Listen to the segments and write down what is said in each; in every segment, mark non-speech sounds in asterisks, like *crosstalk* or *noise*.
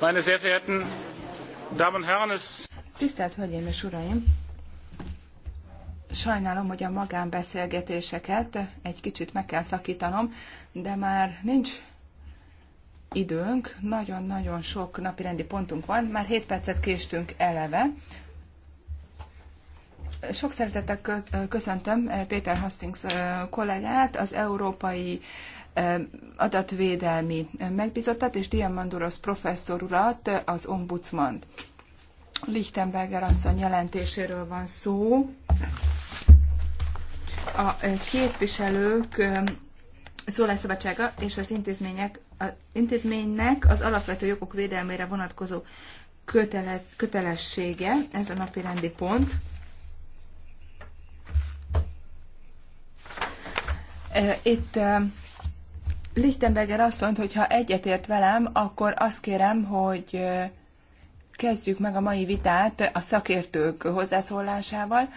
Meine sehr verehrten Damen und Herren, es Tisztelt Hölgyeim és Uraim! Sajnálom, hogy a magánbeszélgetéseket egy kicsit meg kell szakítanom, de már nincs időnk, nagyon-nagyon sok napirendi pontunk van, már 7 percet késtünk eleve. Sok szeretettel köszöntöm Péter Hastings kollégát, az Európai adatvédelmi megbizottat és Diamandurosz professzor urat, az Ombudsman Lichtenberger asszony jelentéséről van szó. A képviselők szólásszabadsága és az intézmények, az intézménynek az alapvető jogok védelmére vonatkozó kötelez, kötelessége, ez a napi rendi pont. Itt Lichtenberger azt mondta, hogy ha egyetért velem, akkor azt kérem, hogy kezdjük meg a mai vitát a szakértők hozzászólásával.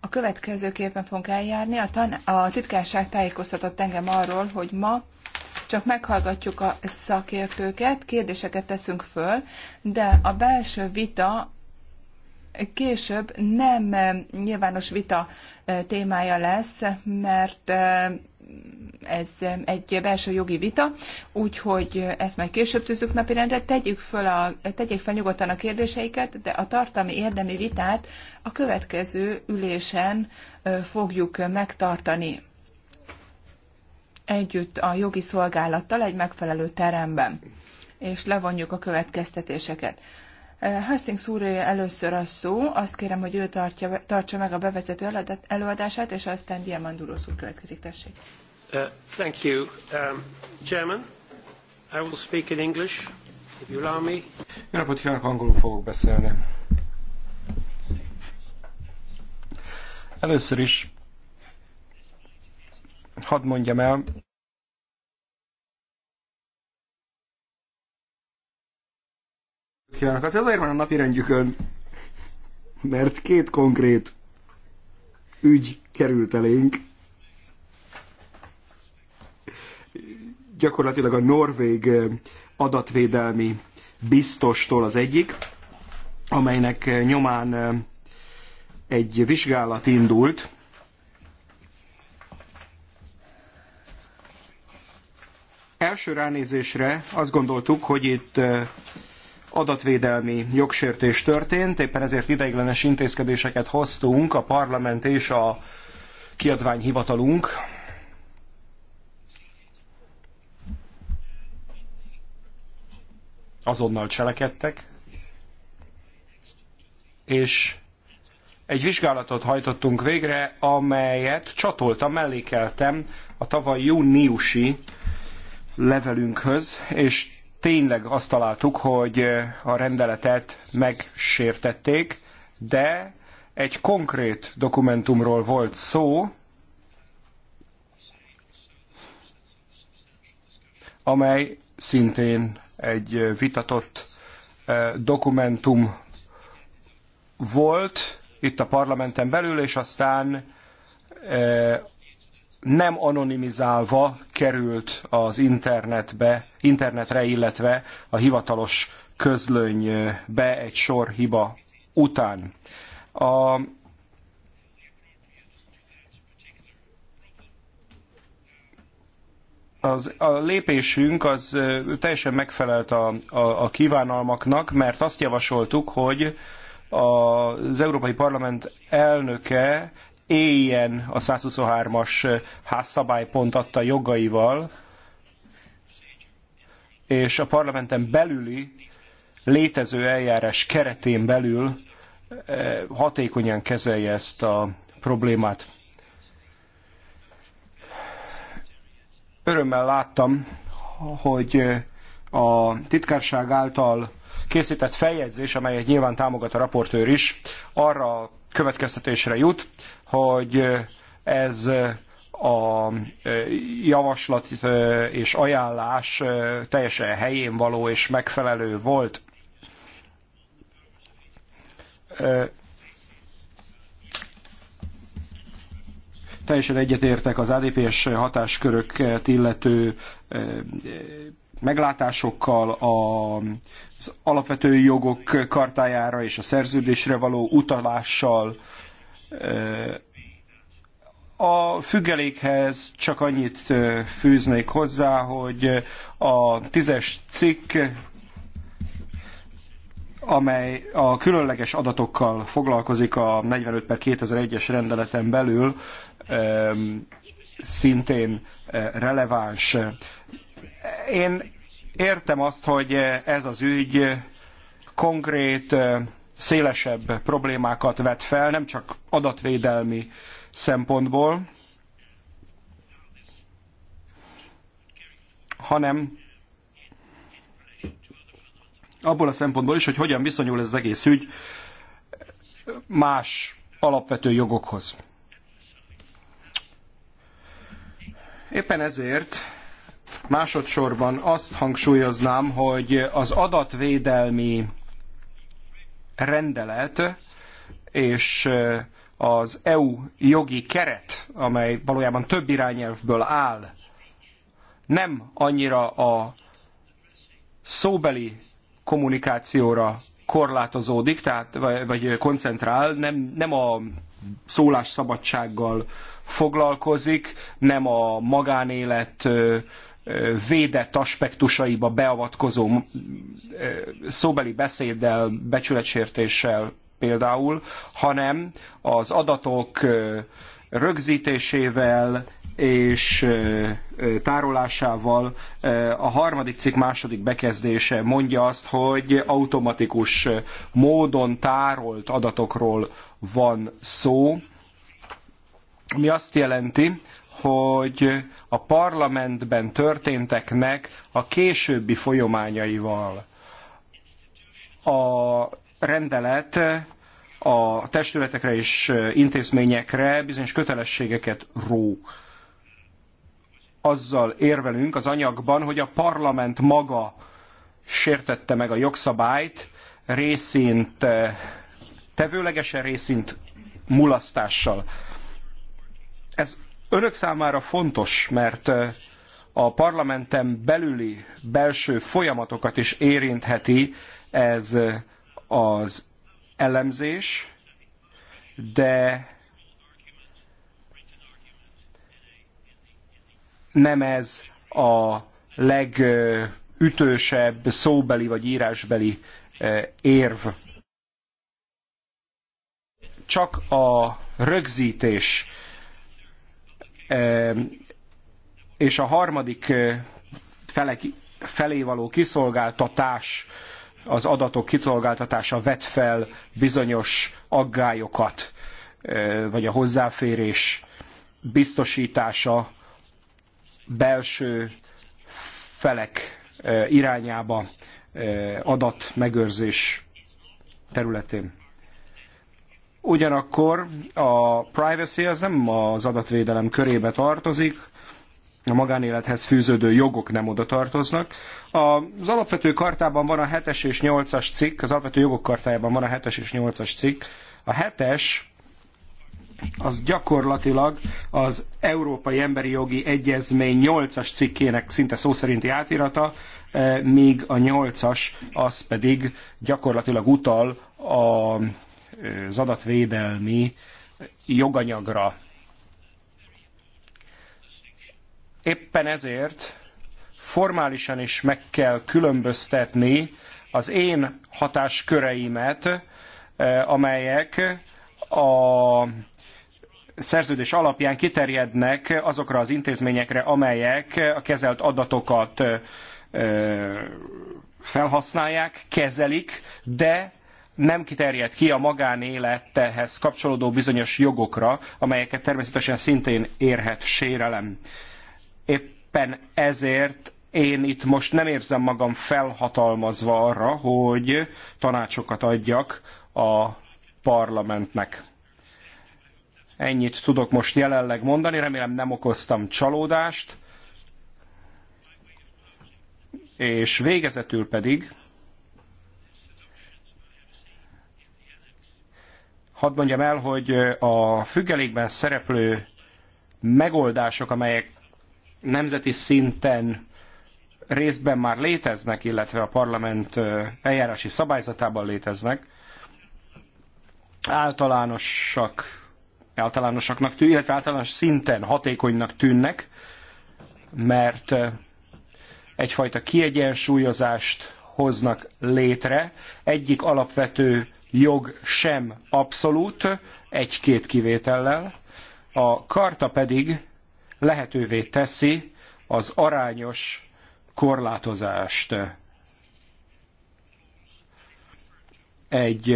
A következőképpen fogunk eljárni. A, tan- a titkárság tájékoztatott engem arról, hogy ma csak meghallgatjuk a szakértőket, kérdéseket teszünk föl, de a belső vita később nem nyilvános vita témája lesz, mert ez egy belső jogi vita, úgyhogy ezt majd később tűzzük napirendre. Tegyük föl a, tegyék fel nyugodtan a kérdéseiket, de a tartalmi érdemi vitát a következő ülésen fogjuk megtartani együtt a jogi szolgálattal egy megfelelő teremben, és levonjuk a következtetéseket. Hastings úré először a szó, azt kérem, hogy ő tartja, tartsa meg a bevezető előadását, és aztán Diamandurosz úr következik, tessék. Uh, thank you, um, Chairman. I will speak in English, if you allow me. Jó napot kívánok, angolul fogok beszélni. Először is hadd mondjam el, Az azért van a napi rendjükön, mert két konkrét ügy került elénk. Gyakorlatilag a norvég eh, adatvédelmi biztostól az egyik, amelynek eh, nyomán eh, egy vizsgálat indult, első ránézésre azt gondoltuk, hogy itt adatvédelmi jogsértés történt, éppen ezért ideiglenes intézkedéseket hoztunk a parlament és a kiadványhivatalunk. Azonnal cselekedtek, és egy vizsgálatot hajtottunk végre, amelyet csatoltam, mellékeltem a tavaly júniusi levelünkhöz, és tényleg azt találtuk, hogy eh, a rendeletet megsértették, de egy konkrét dokumentumról volt szó, amely szintén egy eh, vitatott eh, dokumentum volt itt a parlamenten belül, és aztán nem anonimizálva került az internetbe, internetre, illetve a hivatalos közlönybe egy sor hiba után. A az, a lépésünk az teljesen megfelelt a, a, a kívánalmaknak, mert azt javasoltuk, hogy az Európai Parlament elnöke éljen a 123-as házszabálypont adta jogaival, és a parlamenten belüli létező eljárás keretén belül eh, hatékonyan kezelje ezt a problémát. Örömmel láttam, hogy eh, a titkárság által készített feljegyzés, amelyet nyilván támogat a raportőr is, arra következtetésre jut, hogy ez a javaslat és ajánlás teljesen helyén való és megfelelő volt. Teljesen egyetértek az ADP-s hatásköröket illető meglátásokkal, az alapvető jogok kartájára és a szerződésre való utalással, a függelékhez csak annyit fűznék hozzá, hogy a tízes cikk amely a különleges adatokkal foglalkozik a 45 per 2001-es rendeleten belül, szintén releváns. Én értem azt, hogy ez az ügy konkrét szélesebb problémákat vet fel, nem csak adatvédelmi szempontból, hanem abból a szempontból is, hogy hogyan viszonyul ez az egész ügy más alapvető jogokhoz. Éppen ezért másodszorban azt hangsúlyoznám, hogy az adatvédelmi rendelet és eh, az EU jogi keret, amely valójában több irányelvből áll, nem annyira a szóbeli kommunikációra korlátozódik, tehát, vagy, vagy koncentrál, nem, nem a szólásszabadsággal foglalkozik, nem a magánélet eh, védett aspektusaiba beavatkozó szóbeli beszéddel, becsületsértéssel például, hanem az adatok rögzítésével és tárolásával a harmadik cikk második bekezdése mondja azt, hogy automatikus módon tárolt adatokról van szó, ami azt jelenti, hogy a parlamentben történteknek a későbbi folyamányaival a rendelet a testületekre és intézményekre bizonyos kötelességeket ró. Azzal érvelünk az anyagban, hogy a parlament maga sértette meg a jogszabályt, részint eh, tevőlegesen, részint mulasztással. Ez önök számára fontos, mert a parlamenten belüli belső folyamatokat is érintheti ez az elemzés, de nem ez a legütősebb szóbeli vagy írásbeli érv. Csak a rögzítés és a harmadik felek, felé való kiszolgáltatás, az adatok kiszolgáltatása vet fel bizonyos aggályokat, vagy a hozzáférés biztosítása belső felek irányába adatmegőrzés területén. Ugyanakkor a privacy az nem az adatvédelem körébe tartozik, a magánélethez fűződő jogok nem oda tartoznak. Az alapvető kartában van a 7-es és 8-as cikk, az alapvető jogok kartájában van a 7-es és 8-as cikk. A 7-es az gyakorlatilag az Európai Emberi Jogi Egyezmény 8-as cikkének szinte szó szerinti átirata, eh, míg a 8-as az pedig gyakorlatilag utal a az adatvédelmi joganyagra. Éppen ezért formálisan is meg kell különböztetni az én hatásköreimet, eh, amelyek a szerződés alapján kiterjednek azokra az intézményekre, amelyek a kezelt adatokat eh, felhasználják, kezelik, de nem kiterjed ki a magánélethez kapcsolódó bizonyos jogokra, amelyeket természetesen szintén érhet sérelem. Éppen ezért én itt most nem érzem magam felhatalmazva arra, hogy tanácsokat adjak a parlamentnek. Ennyit tudok most jelenleg mondani, remélem nem okoztam csalódást. És végezetül pedig hadd mondjam el, hogy a függelékben szereplő megoldások, amelyek nemzeti szinten részben már léteznek, illetve a parlament eljárási szabályzatában léteznek, általánosak, általánosaknak tűn, illetve általános szinten hatékonynak tűnnek, mert egyfajta kiegyensúlyozást hoznak létre. Egyik alapvető jog sem abszolút, egy-két kivétellel, a karta pedig lehetővé teszi az arányos korlátozást. Egy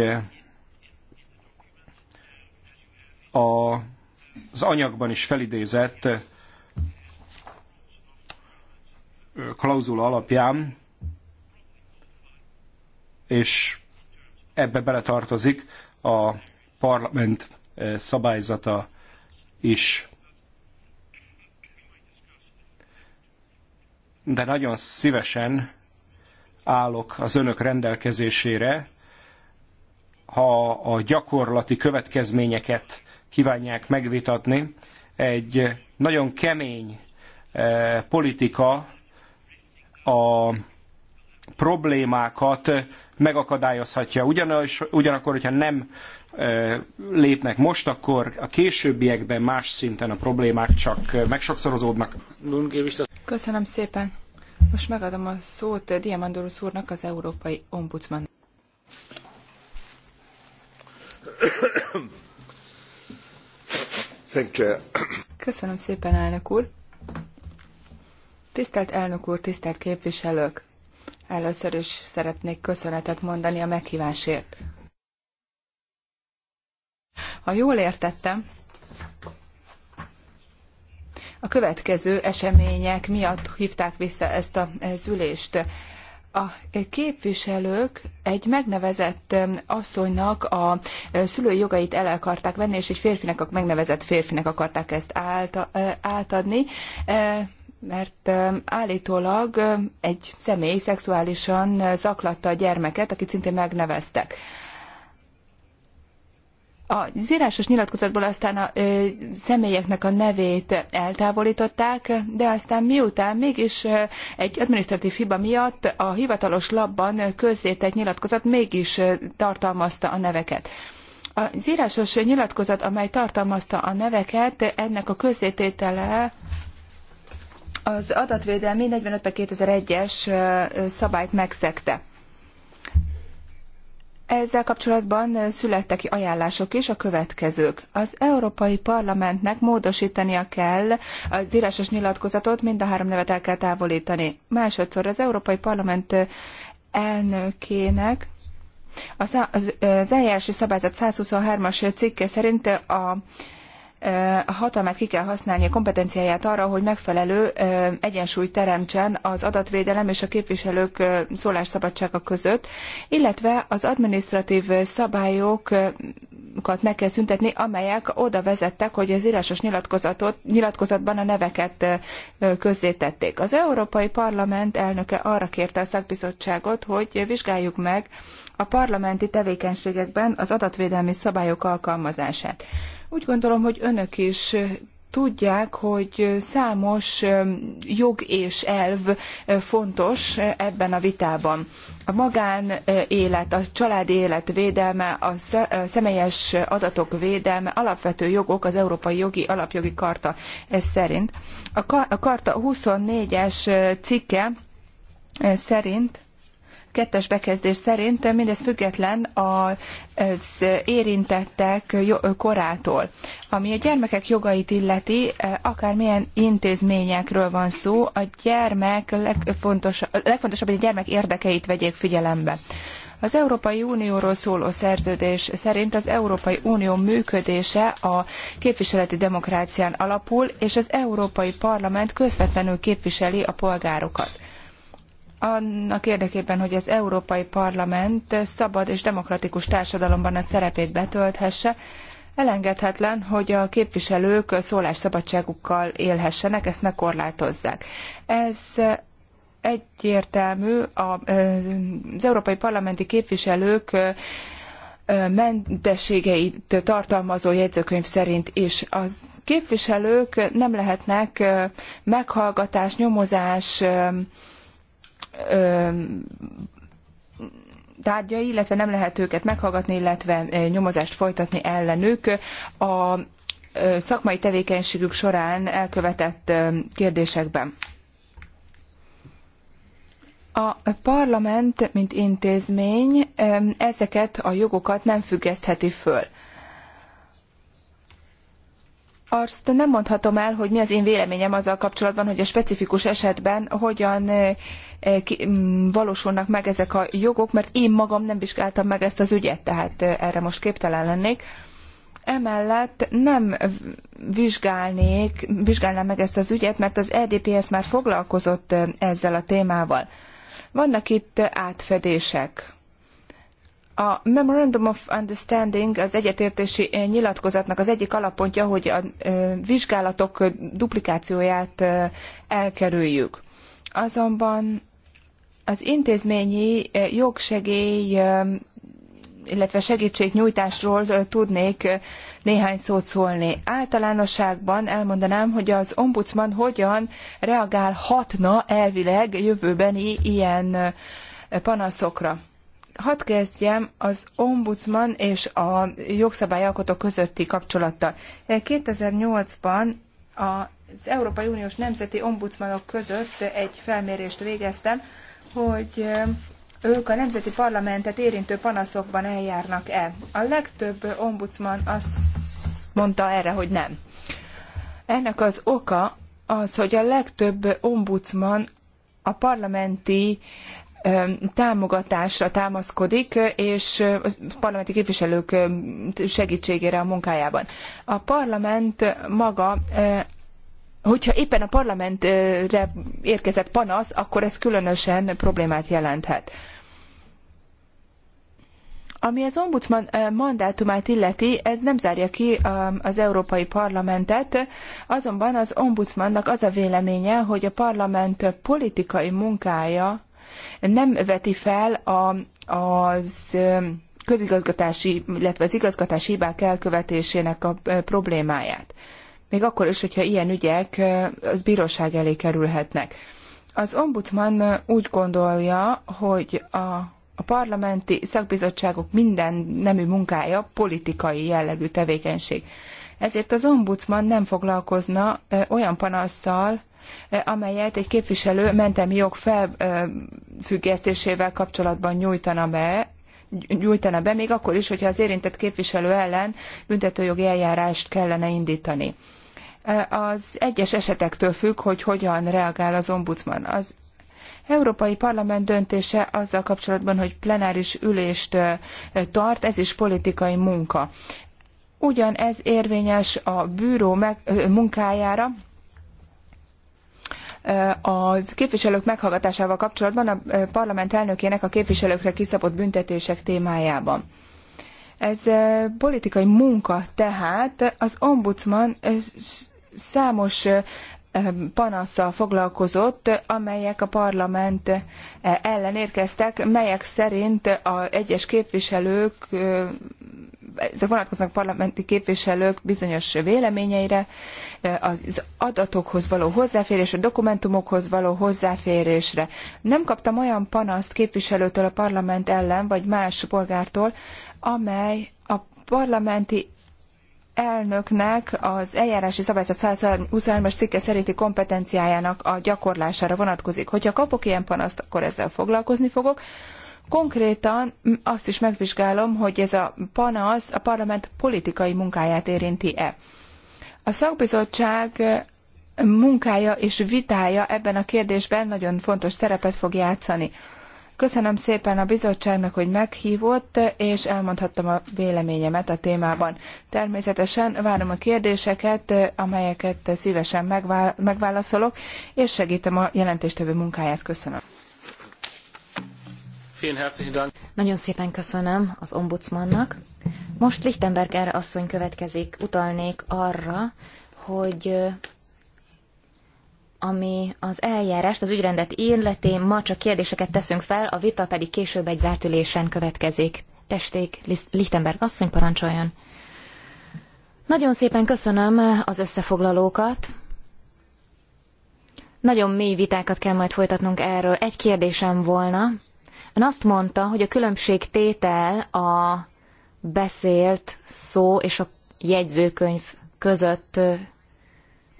a, az anyagban is felidézett klauzula alapján, és Ebbe beletartozik a parlament eh, szabályzata is. De nagyon szívesen állok az önök rendelkezésére, ha a gyakorlati következményeket kívánják megvitatni. Egy nagyon kemény eh, politika a problémákat megakadályozhatja. Ugyanis, ugyanakkor, hogyha nem lépnek most, akkor a későbbiekben más szinten a problémák csak megsokszorozódnak. Köszönöm szépen. Most megadom a szót Diamandorus úrnak, az Európai Ombudsman. Köszönöm szépen, elnök úr. Tisztelt elnök úr, tisztelt képviselők! Először is szeretnék köszönetet mondani a meghívásért. Ha jól értettem, a következő események miatt hívták vissza ezt a ülést. A képviselők egy megnevezett um, asszonynak a uh, szülői jogait el akarták venni, és egy férfinek, a megnevezett férfinek akarták ezt uh, átadni. Uh, mert állítólag egy személy szexuálisan zaklatta a gyermeket, akit szintén megneveztek. Az írásos nyilatkozatból aztán a ö, személyeknek a nevét eltávolították, de aztán miután mégis ö, egy adminisztratív hiba miatt a hivatalos labban közzétett nyilatkozat mégis ö, tartalmazta a neveket. Az írásos nyilatkozat, amely tartalmazta a neveket, ennek a közzététele az adatvédelmi 45 2001-es szabályt megszegte. Ezzel kapcsolatban születtek ajánlások is, a következők. Az Európai Parlamentnek módosítania kell az írásos nyilatkozatot, mind a három nevet el kell távolítani. Másodszor az Európai Parlament elnökének az, az, az eljárási szabályzat 123-as cikke szerint a a hatalmát ki kell használni, a kompetenciáját arra, hogy megfelelő egyensúlyt teremtsen az adatvédelem és a képviselők szólásszabadsága között, illetve az administratív szabályokat meg kell szüntetni, amelyek oda vezettek, hogy az írásos nyilatkozatot, nyilatkozatban a neveket közzétették. Az Európai Parlament elnöke arra kérte a szakbizottságot, hogy vizsgáljuk meg a parlamenti tevékenységekben az adatvédelmi szabályok alkalmazását. Úgy gondolom, hogy önök is tudják, hogy számos jog és elv fontos ebben a vitában. A magánélet, a családi élet védelme, a személyes adatok védelme, alapvető jogok az Európai Jogi Alapjogi Karta ez szerint. A Karta 24-es cikke szerint kettes bekezdés szerint mindez független az érintettek korától. Ami a gyermekek jogait illeti, e, akármilyen intézményekről van szó, a gyermek legfontosabb, legfontosabb hogy a gyermek érdekeit vegyék figyelembe. Az Európai Unióról szóló szerződés szerint az Európai Unió működése a képviseleti demokrácián alapul, és az Európai Parlament közvetlenül képviseli a polgárokat annak érdekében, hogy az Európai Parlament szabad és demokratikus társadalomban a szerepét betölthesse, elengedhetetlen, hogy a képviselők szólásszabadságukkal élhessenek, ezt ne korlátozzák. Ez egyértelmű az európai parlamenti képviselők mentességeit tartalmazó jegyzőkönyv szerint is. A képviselők nem lehetnek meghallgatás, nyomozás, tárgyai, illetve nem lehet őket meghallgatni, illetve nyomozást folytatni ellenük. A szakmai tevékenységük során elkövetett kérdésekben. A parlament, mint intézmény, ezeket a jogokat nem függesztheti föl azt nem mondhatom el, hogy mi az én véleményem azzal kapcsolatban, hogy a specifikus esetben hogyan eh, eh, mm, valósulnak meg ezek a jogok, mert én magam nem vizsgáltam meg ezt az ügyet, tehát eh, erre most képtelen lennék. Emellett nem vizsgálnék, vizsgálnám meg ezt az ügyet, mert az EDPS már foglalkozott ezzel a témával. Vannak itt átfedések a Memorandum of Understanding az egyetértési eh, nyilatkozatnak az egyik alappontja, hogy a eh, vizsgálatok eh, duplikációját elkerüljük. Azonban az intézményi jogsegély, illetve segítségnyújtásról tudnék néhány szót szólni. Általánosságban elmondanám, hogy az ombudsman hogyan reagálhatna elvileg jövőbeni ilyen panaszokra. Hadd kezdjem az ombudsman és a jogszabályalkotó közötti kapcsolattal. 2008-ban eh, az Európai Uniós Nemzeti Ombudsmanok között egy felmérést végeztem, hogy eh, ők a nemzeti parlamentet érintő panaszokban eljárnak-e. A legtöbb ombudsman azt mondta erre, hogy nem. Ennek az oka az, hogy a legtöbb ombudsman a parlamenti támogatásra támaszkodik, és a parlamenti képviselők segítségére a munkájában. A parlament maga hogyha éppen a parlamentre érkezett panasz, akkor ez különösen problémát jelenthet. Ami az ombudsman mandátumát illeti, ez nem zárja ki az Európai Parlamentet, azonban az ombudsmannak az a véleménye, hogy a parlament politikai munkája nem veti fel a, az közigazgatási, illetve az igazgatási hibák elkövetésének a problémáját. Még akkor is, hogyha ilyen ügyek az bíróság elé kerülhetnek. Az ombudsman úgy gondolja, hogy a, a parlamenti szakbizottságok minden nemű munkája politikai jellegű tevékenység. Ezért az ombudsman nem foglalkozna olyan panasszal, amelyet egy képviselő mentemi jog felfüggesztésével kapcsolatban nyújtana be, nyújtana be, még akkor is, hogyha az érintett képviselő ellen büntetőjogi eljárást kellene indítani. Az egyes esetektől függ, hogy hogyan reagál az ombudsman. Az Európai Parlament döntése azzal kapcsolatban, hogy plenáris ülést tart, ez is politikai munka. Ugyanez érvényes a bűró munkájára, az képviselők meghallgatásával kapcsolatban a parlament elnökének a képviselőkre kiszabott büntetések témájában. Ez politikai munka, tehát az ombudsman számos Ehm, panaszsal foglalkozott, amelyek a parlament eh, ellen érkeztek, melyek szerint a egyes képviselők, eh, ezek vonatkoznak parlamenti képviselők bizonyos véleményeire, eh, az adatokhoz való hozzáférésre, a dokumentumokhoz való hozzáférésre. Nem kaptam olyan panaszt képviselőtől a parlament ellen, vagy más polgártól, amely a parlamenti elnöknek az eljárási szabályzat 123-as cikke szerinti kompetenciájának a gyakorlására vonatkozik. Hogyha kapok ilyen panaszt, akkor ezzel foglalkozni fogok. Konkrétan azt is megvizsgálom, hogy ez a panasz a parlament politikai munkáját érinti-e. A szakbizottság munkája és vitája ebben a kérdésben nagyon fontos szerepet fog játszani. Köszönöm szépen a bizottságnak, hogy meghívott, és elmondhattam a véleményemet a témában. Természetesen várom a kérdéseket, amelyeket szívesen megválaszolok, és segítem a jelentéstevő munkáját. Köszönöm. Nagyon szépen köszönöm az ombudsmannak. Most Lichtenberger asszony következik. Utalnék arra, hogy ami az eljárást, az ügyrendet illeti, ma csak kérdéseket teszünk fel, a vita pedig később egy zárt ülésen következik. Testék, Lichtenberg asszony parancsoljon. Nagyon szépen köszönöm az összefoglalókat. Nagyon mély vitákat kell majd folytatnunk erről. Egy kérdésem volna. Ön azt mondta, hogy a különbség tétel a beszélt szó és a jegyzőkönyv között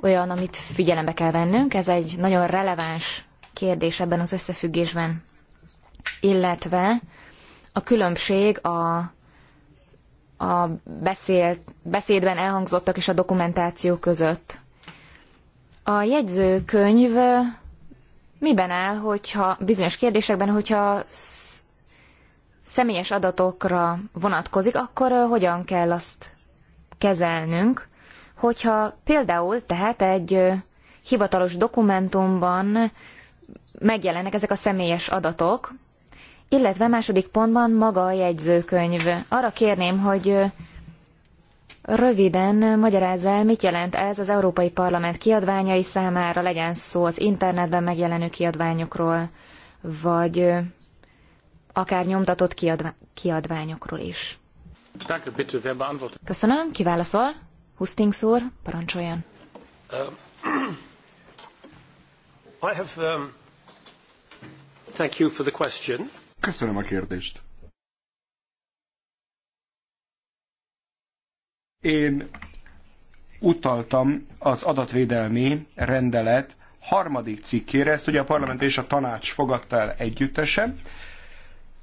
olyan, amit figyelembe kell vennünk. Ez egy nagyon releváns kérdés ebben az összefüggésben. Illetve a különbség a, a beszédben elhangzottak és a dokumentáció között. A jegyzőkönyv miben áll, hogyha bizonyos kérdésekben, hogyha személyes adatokra vonatkozik, akkor hogyan kell azt kezelnünk? Hogyha például tehát egy hivatalos dokumentumban megjelennek ezek a személyes adatok, illetve második pontban maga a jegyzőkönyv. Arra kérném, hogy röviden magyarázz el, mit jelent ez az Európai Parlament kiadványai számára, legyen szó az internetben megjelenő kiadványokról, vagy akár nyomtatott kiadványokról is. Köszönöm, kiválaszol. Hustings úr, parancsoljon. Um, *clears throat* I have, um, thank you for the question. Köszönöm a kérdést. Én utaltam az adatvédelmi rendelet harmadik cikkére, ezt ugye a parlament és a tanács fogadta el együttesen.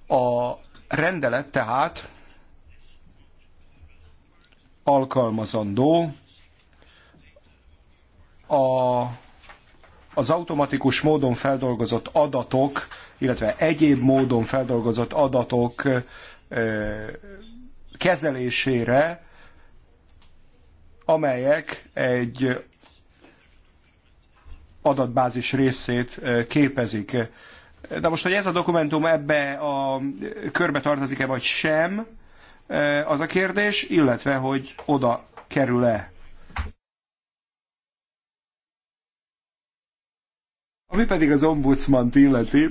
A rendelet tehát alkalmazandó a, az automatikus módon feldolgozott adatok, illetve egyéb módon feldolgozott adatok ö, kezelésére, amelyek egy adatbázis részét képezik. De most, hogy ez a dokumentum ebbe a körbe tartozik-e vagy sem, Eh, az a kérdés, illetve hogy oda kerül-e. Ami pedig az ombudsman illeti,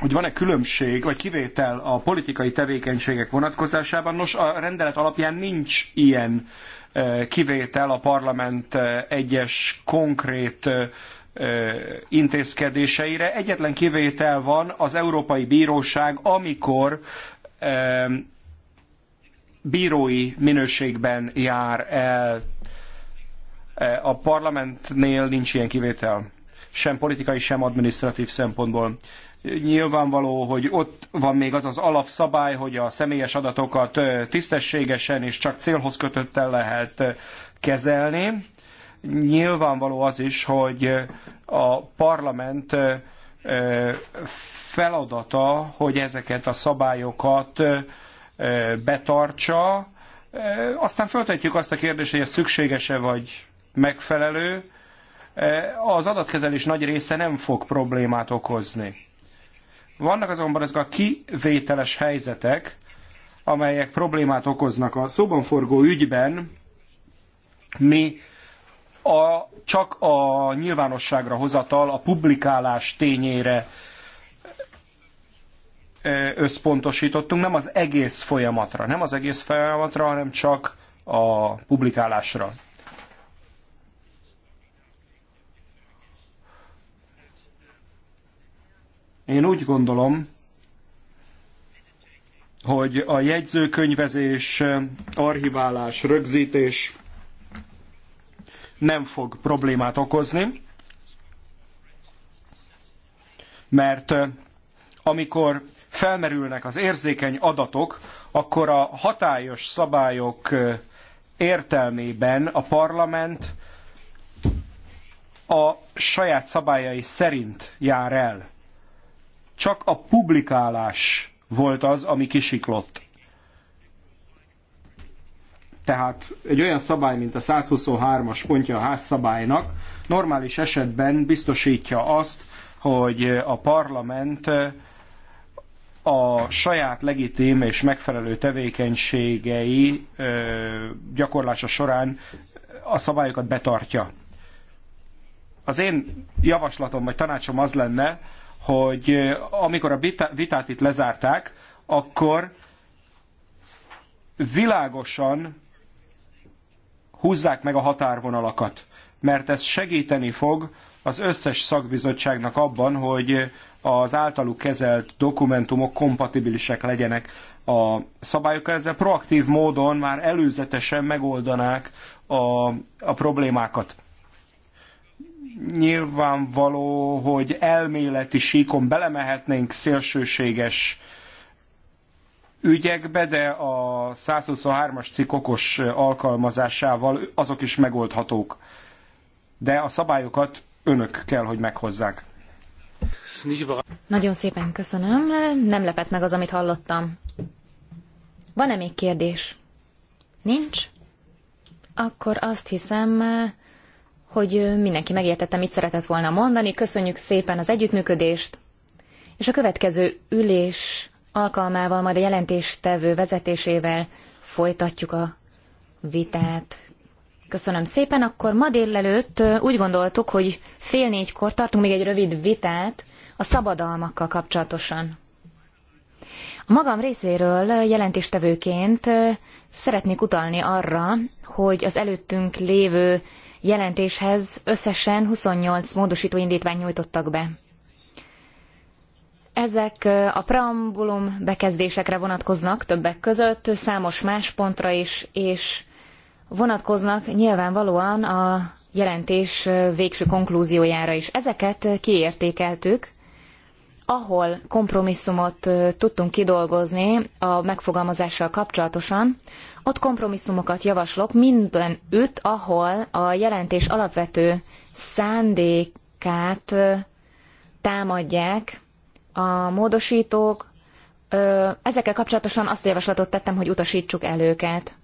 hogy van-e különbség vagy kivétel a politikai tevékenységek vonatkozásában. Nos, a rendelet alapján nincs ilyen eh, kivétel a parlament eh, egyes konkrét intézkedéseire. Egyetlen kivétel van az Európai Bíróság, amikor bírói minőségben jár el. E, a parlamentnél nincs ilyen kivétel, sem politikai, sem administratív szempontból nyilvánvaló, hogy ott van még az az alapszabály, hogy a személyes adatokat e, tisztességesen és csak célhoz kötötten lehet e, kezelni. Nyilvánvaló az is, hogy a parlament feladata, hogy ezeket a szabályokat betartsa. Aztán föltetjük azt a kérdést, hogy ez szükséges-e vagy megfelelő. Az adatkezelés nagy része nem fog problémát okozni. Vannak azonban ezek a kivételes helyzetek, amelyek problémát okoznak a szóban forgó ügyben, mi a, csak a nyilvánosságra hozatal, a publikálás tényére összpontosítottunk, nem az egész folyamatra, nem az egész folyamatra, hanem csak a publikálásra. Én úgy gondolom, hogy a jegyzőkönyvezés, archiválás, rögzítés nem fog problémát okozni, mert amikor felmerülnek az érzékeny adatok, akkor a hatályos szabályok értelmében a parlament a saját szabályai szerint jár el. Csak a publikálás volt az, ami kisiklott. Tehát egy olyan szabály, mint a 123-as pontja a házszabálynak, normális esetben biztosítja azt, hogy a parlament a saját legitim és megfelelő tevékenységei gyakorlása során a szabályokat betartja. Az én javaslatom vagy tanácsom az lenne, hogy amikor a vitát itt lezárták, akkor világosan húzzák meg a határvonalakat, mert ez segíteni fog az összes szakbizottságnak abban, hogy az általuk kezelt dokumentumok kompatibilisek legyenek a szabályokkal. Ezzel proaktív módon már előzetesen megoldanák a, a problémákat. Nyilvánvaló, hogy elméleti síkon belemehetnénk szélsőséges ügyekbe, de a 123-as cikk okos alkalmazásával azok is megoldhatók. De a szabályokat önök kell, hogy meghozzák. Nagyon szépen köszönöm. Nem lepett meg az, amit hallottam. Van-e még kérdés? Nincs? Akkor azt hiszem, hogy mindenki megértette, mit szeretett volna mondani. Köszönjük szépen az együttműködést, és a következő ülés alkalmával, majd a jelentéstevő vezetésével folytatjuk a vitát. Köszönöm szépen. Akkor ma délelőtt úgy gondoltuk, hogy fél négykor tartunk még egy rövid vitát a szabadalmakkal kapcsolatosan. A magam részéről jelentéstevőként szeretnék utalni arra, hogy az előttünk lévő jelentéshez összesen 28 módosító indítványt nyújtottak be. Ezek a preambulum bekezdésekre vonatkoznak többek között, számos más pontra is, és vonatkoznak nyilvánvalóan a jelentés végső konklúziójára is. Ezeket kiértékeltük, ahol kompromisszumot tudtunk kidolgozni a megfogalmazással kapcsolatosan, ott kompromisszumokat javaslok mindenütt, ahol a jelentés alapvető szándékát támadják a módosítók. Ezekkel kapcsolatosan azt a javaslatot tettem, hogy utasítsuk el őket.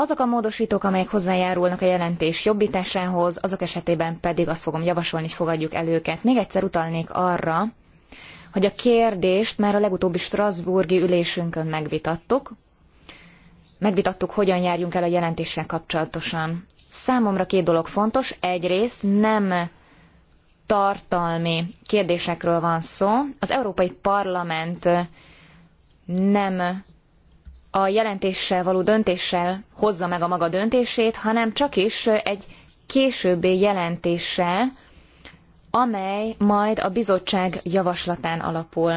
Azok a módosítók, amelyek hozzájárulnak a jelentés jobbításához, azok esetében pedig azt fogom javasolni, hogy fogadjuk el őket. Még egyszer utalnék arra, hogy a kérdést már a legutóbbi Strasburgi ülésünkön megvitattuk. Megvitattuk, hogyan járjunk el a jelentéssel kapcsolatosan. Számomra két dolog fontos. Egyrészt nem tartalmi kérdésekről van szó. Az Európai Parlament nem a jelentéssel való döntéssel hozza meg a maga döntését, hanem csak is egy későbbi jelentéssel, amely majd a bizottság javaslatán alapul.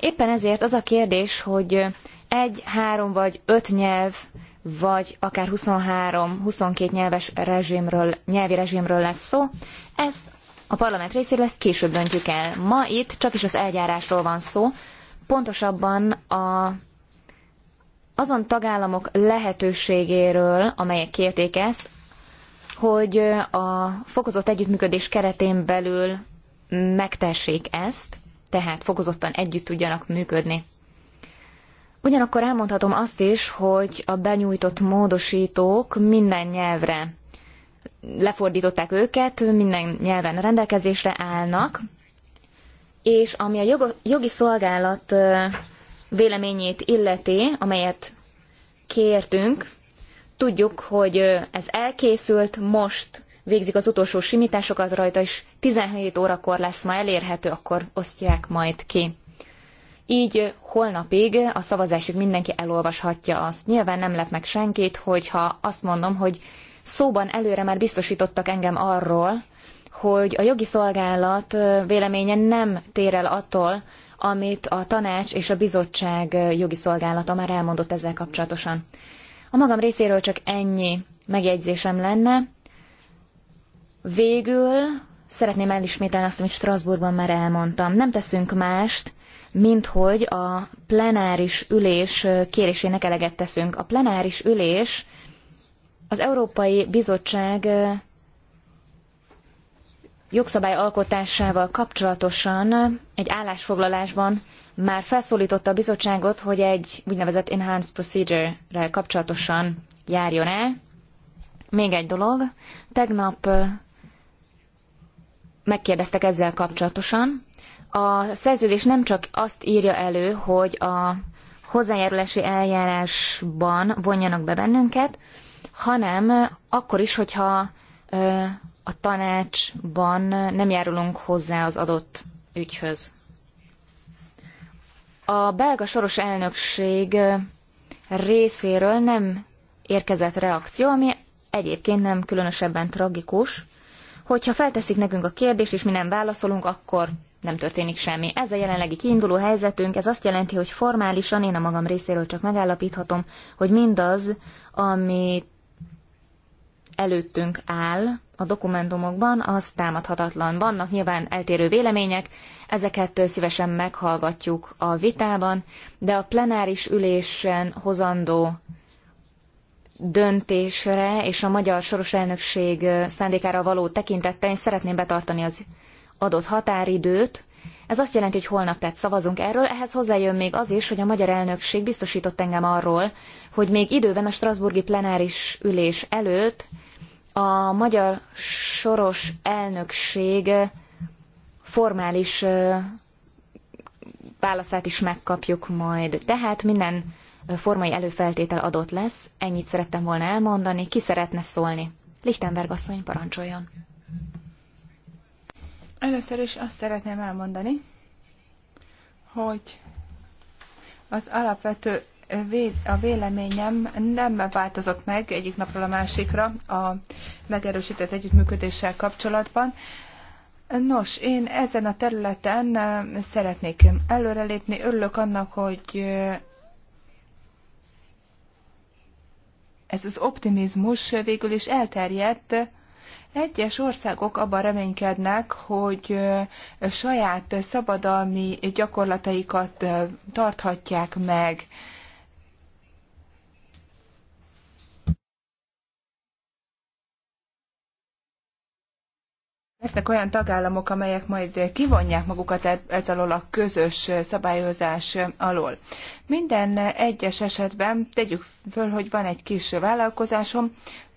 Éppen ezért az a kérdés, hogy egy, három vagy öt nyelv, vagy akár 23-22 nyelves rezsimről, nyelvi rezsimről lesz szó, ezt a parlament részéről ezt később döntjük el. Ma itt csak is az eljárásról van szó, pontosabban a azon tagállamok lehetőségéről, amelyek kérték ezt, hogy a fokozott együttműködés keretén belül megtessék ezt, tehát fokozottan együtt tudjanak működni. Ugyanakkor elmondhatom azt is, hogy a benyújtott módosítók minden nyelvre lefordították őket, minden nyelven rendelkezésre állnak, és ami a jogi szolgálat véleményét illeti, amelyet kértünk, tudjuk, hogy ez elkészült, most végzik az utolsó simításokat rajta, és 17 órakor lesz ma elérhető, akkor osztják majd ki. Így holnapig a szavazásig mindenki elolvashatja azt. Nyilván nem lep meg senkit, hogyha azt mondom, hogy szóban előre már biztosítottak engem arról, hogy a jogi szolgálat véleménye nem tér el attól, amit a tanács és a bizottság jogi szolgálata már elmondott ezzel kapcsolatosan. A magam részéről csak ennyi megjegyzésem lenne. Végül szeretném elismételni azt, amit Strasbourgban már elmondtam. Nem teszünk mást, mint hogy a plenáris ülés kérésének eleget teszünk. A plenáris ülés az Európai Bizottság jogszabály alkotásával kapcsolatosan egy állásfoglalásban már felszólította a bizottságot, hogy egy úgynevezett enhanced procedure-rel kapcsolatosan járjon el. Még egy dolog, tegnap megkérdeztek ezzel kapcsolatosan. A szerződés nem csak azt írja elő, hogy a hozzájárulási eljárásban vonjanak be bennünket, hanem akkor is, hogyha a tanácsban nem járulunk hozzá az adott ügyhöz. A belga soros elnökség részéről nem érkezett reakció, ami egyébként nem különösebben tragikus. Hogyha felteszik nekünk a kérdést, és mi nem válaszolunk, akkor nem történik semmi. Ez a jelenlegi kiinduló helyzetünk, ez azt jelenti, hogy formálisan én a magam részéről csak megállapíthatom, hogy mindaz, ami előttünk áll, a dokumentumokban, az támadhatatlan. Vannak nyilván eltérő vélemények, ezeket szívesen meghallgatjuk a vitában, de a plenáris ülésen hozandó döntésre és a magyar soros elnökség szándékára való tekintettel én szeretném betartani az adott határidőt. Ez azt jelenti, hogy holnap tett szavazunk erről, ehhez hozzájön még az is, hogy a magyar elnökség biztosított engem arról, hogy még időben a Strasburgi plenáris ülés előtt a magyar soros elnökség formális válaszát is megkapjuk majd. Tehát minden formai előfeltétel adott lesz. Ennyit szerettem volna elmondani. Ki szeretne szólni? Lichtenberg asszony, parancsoljon. Először is azt szeretném elmondani, hogy az alapvető a véleményem nem változott meg egyik napról a másikra a megerősített együttműködéssel kapcsolatban. Nos, én ezen a területen szeretnék előrelépni. Örülök annak, hogy ez az optimizmus végül is elterjedt. Egyes országok abban reménykednek, hogy saját szabadalmi gyakorlataikat tarthatják meg Lesznek olyan tagállamok, amelyek majd kivonják magukat e-, ez alól a közös szabályozás alól. Minden egyes esetben tegyük föl, hogy van egy kis vállalkozásom,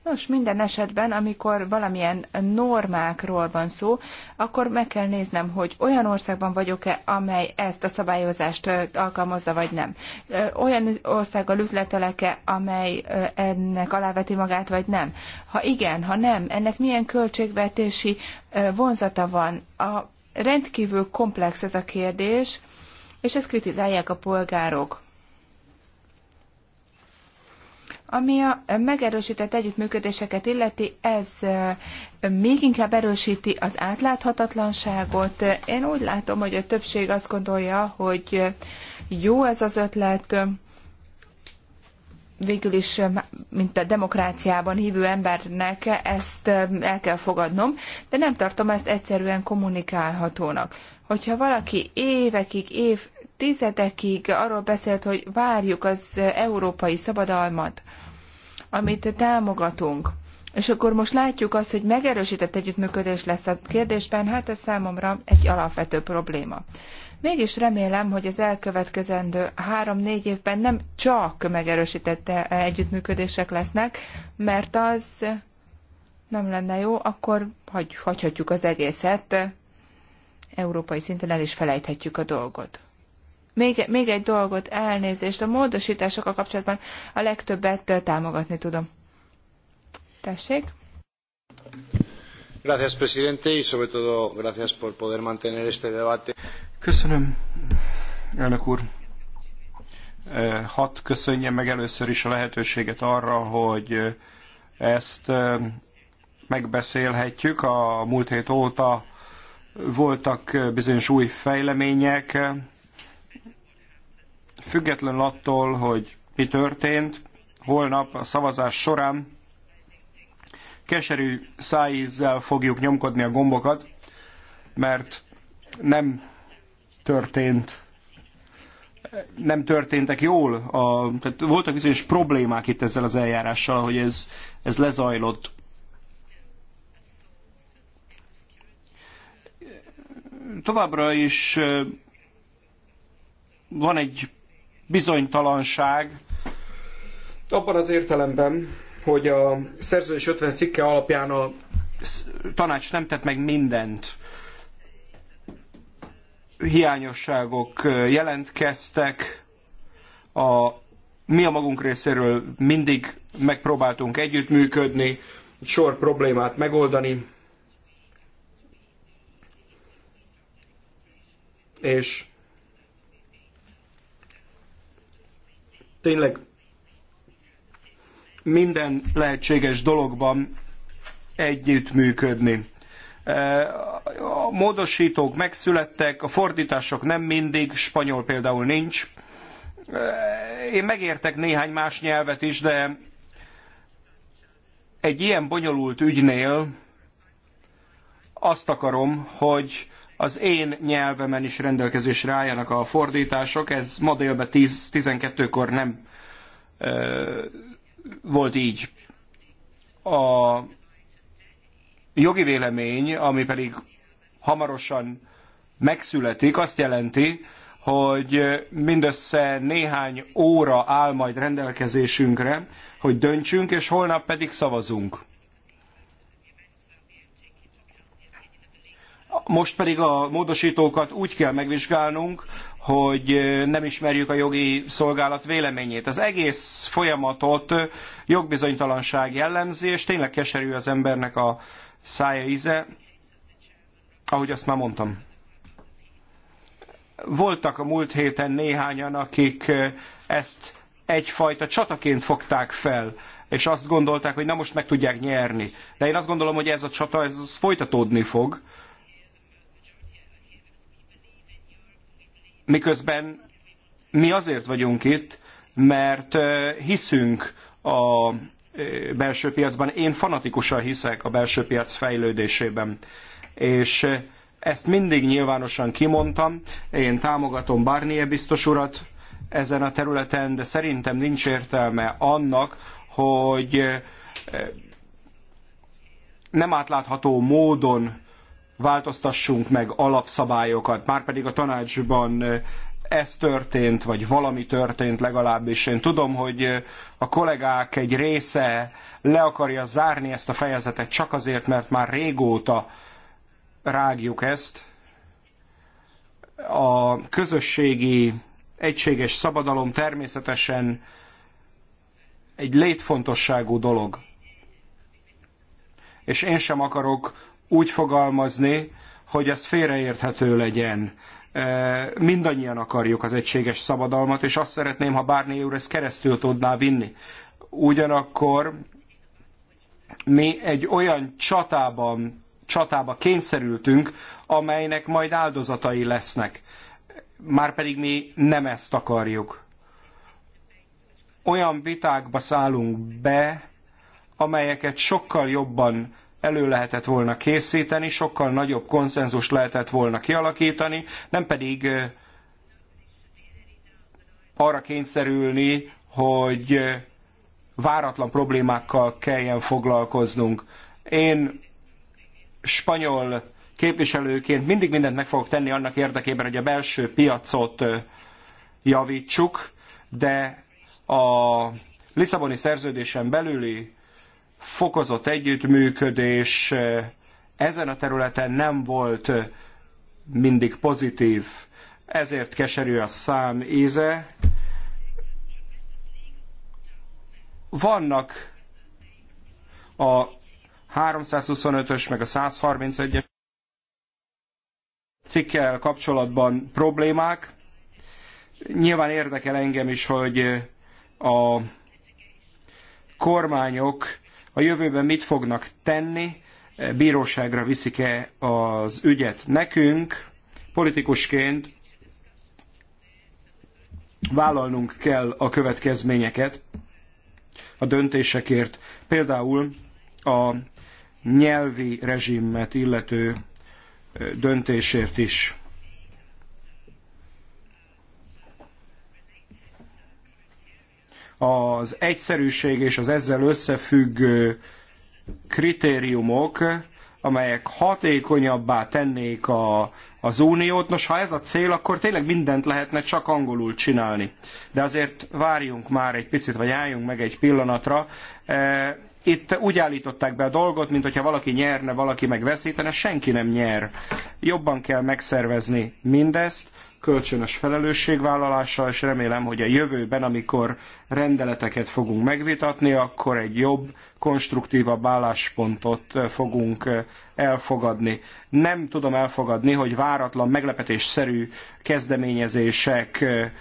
Nos, minden esetben, amikor valamilyen normákról van szó, akkor meg kell néznem, hogy olyan országban vagyok-e, amely ezt a szabályozást alkalmazza, vagy nem. Olyan országgal üzletelek-e, amely ennek aláveti magát, vagy nem. Ha igen, ha nem, ennek milyen költségvetési vonzata van. A rendkívül komplex ez a kérdés, és ezt kritizálják a polgárok ami a megerősített együttműködéseket illeti, ez még inkább erősíti az átláthatatlanságot. Én úgy látom, hogy a többség azt gondolja, hogy jó ez az ötlet, végül is, mint a demokráciában hívő embernek ezt el kell fogadnom, de nem tartom ezt egyszerűen kommunikálhatónak. Hogyha valaki évekig, év, évtizedekig arról beszélt, hogy várjuk az európai szabadalmat, amit támogatunk. És akkor most látjuk azt, hogy megerősített együttműködés lesz a kérdésben, hát ez számomra egy alapvető probléma. Mégis remélem, hogy az elkövetkezendő három-négy évben nem csak megerősített e- együttműködések lesznek, mert az nem lenne jó, akkor hagy, hagyhatjuk az egészet, európai szinten el is felejthetjük a dolgot. Még, még egy dolgot, elnézést, a módosításokkal kapcsolatban a legtöbbet támogatni tudom. Tessék. Gracias, presidente, y sobre todo gracias por poder mantener este debate. Köszönöm, elnök úr hat köszönjem meg először is a lehetőséget arra, hogy ezt megbeszélhetjük. A múlt hét óta voltak bizonyos új fejlemények, Függetlenül attól, hogy mi történt, holnap a szavazás során keserű szájízzel fogjuk nyomkodni a gombokat, mert nem történt nem történtek jól, a, tehát voltak bizonyos problémák itt ezzel az eljárással, hogy ez, ez lezajlott. Továbbra is van egy bizonytalanság abban az értelemben, hogy a szerződés 50 cikke alapján a tanács nem tett meg mindent. Hiányosságok jelentkeztek, a, mi a magunk részéről mindig megpróbáltunk együttműködni, sor problémát megoldani, és tényleg minden lehetséges dologban együttműködni. E, a módosítók megszülettek, a fordítások nem mindig, spanyol például nincs. E, én megértek néhány más nyelvet is, de egy ilyen bonyolult ügynél azt akarom, hogy az én nyelvemen is rendelkezésre álljanak a fordítások. Ez ma délben 12 kor nem ö, volt így. A jogi vélemény, ami pedig hamarosan megszületik, azt jelenti, hogy mindössze néhány óra áll majd rendelkezésünkre, hogy döntsünk, és holnap pedig szavazunk. Most pedig a módosítókat úgy kell megvizsgálnunk, hogy nem ismerjük a jogi szolgálat véleményét. Az egész folyamatot jogbizonytalanság jellemzi, és tényleg keserű az embernek a szája íze, ahogy azt már mondtam. Voltak a múlt héten néhányan, akik ezt egyfajta csataként fogták fel, és azt gondolták, hogy na most meg tudják nyerni. De én azt gondolom, hogy ez a csata ez folytatódni fog, miközben mi azért vagyunk itt, mert hiszünk a belső piacban. Én fanatikusan hiszek a belső piac fejlődésében. És ezt mindig nyilvánosan kimondtam. Én támogatom Barnier biztos urat ezen a területen, de szerintem nincs értelme annak, hogy nem átlátható módon változtassunk meg alapszabályokat, márpedig a tanácsban ez történt, vagy valami történt legalábbis. Én tudom, hogy a kollégák egy része le akarja zárni ezt a fejezetet csak azért, mert már régóta rágjuk ezt. A közösségi egységes szabadalom természetesen egy létfontosságú dolog. És én sem akarok úgy fogalmazni, hogy ez félreérthető legyen. Mindannyian akarjuk az egységes szabadalmat, és azt szeretném, ha Barnier úr ezt keresztül tudná vinni. Ugyanakkor mi egy olyan csatában, csatába kényszerültünk, amelynek majd áldozatai lesznek. Márpedig mi nem ezt akarjuk. Olyan vitákba szállunk be, amelyeket sokkal jobban elő lehetett volna készíteni, sokkal nagyobb konszenzust lehetett volna kialakítani, nem pedig arra kényszerülni, hogy váratlan problémákkal kelljen foglalkoznunk. Én spanyol képviselőként mindig mindent meg fogok tenni annak érdekében, hogy a belső piacot javítsuk, de a Lisszaboni szerződésen belüli fokozott együttműködés eh, ezen a területen nem volt eh, mindig pozitív, ezért keserű a szám íze. Vannak a 325-ös meg a 131-es cikkel kapcsolatban problémák. Nyilván érdekel engem is, hogy a kormányok a jövőben mit fognak tenni, bíróságra viszik-e az ügyet. Nekünk politikusként vállalnunk kell a következményeket a döntésekért. Például a nyelvi rezsimet illető döntésért is. az egyszerűség és az ezzel összefüggő kritériumok, amelyek hatékonyabbá tennék a, az uniót. Nos, ha ez a cél, akkor tényleg mindent lehetne csak angolul csinálni. De azért várjunk már egy picit, vagy álljunk meg egy pillanatra. E, itt úgy állították be a dolgot, mint hogyha valaki nyerne, valaki megveszítene, senki nem nyer. Jobban kell megszervezni mindezt, kölcsönös felelősségvállalással, és remélem, hogy a jövőben, amikor rendeleteket fogunk megvitatni, akkor egy jobb, konstruktívabb álláspontot fogunk eh, elfogadni. Nem tudom elfogadni, hogy váratlan, meglepetésszerű kezdeményezések eh,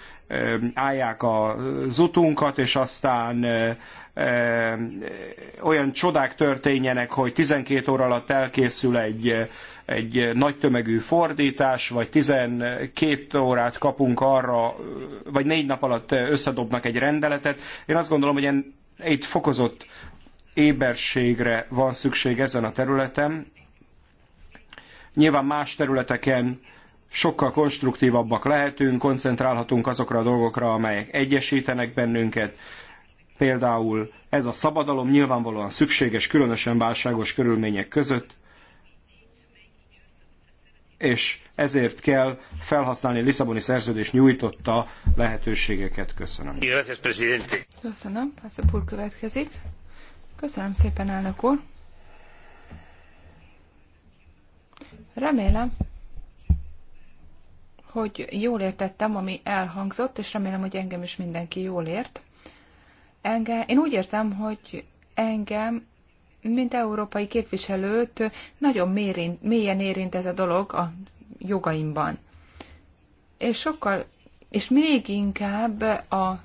állják az utunkat, és aztán olyan csodák történjenek, hogy 12 óra alatt elkészül egy, egy nagy tömegű fordítás, vagy 12 órát kapunk arra, vagy négy nap alatt összedobnak egy rendeletet. Én azt gondolom, hogy egy itt fokozott éberségre van szükség ezen a területen. Nyilván más területeken sokkal konstruktívabbak lehetünk, koncentrálhatunk azokra a dolgokra, amelyek egyesítenek bennünket, például ez a szabadalom nyilvánvalóan szükséges, különösen válságos körülmények között, és ezért kell felhasználni a Lisszaboni szerződés nyújtotta lehetőségeket. Köszönöm. Köszönöm. Pászapúr következik. Köszönöm szépen, elnök úr. Remélem, hogy jól értettem, ami elhangzott, és remélem, hogy engem is mindenki jól ért. Engem, én úgy érzem, hogy engem, mint európai képviselőt, nagyon mérint, mélyen érint ez a dolog a jogaimban. És sokkal, és még inkább a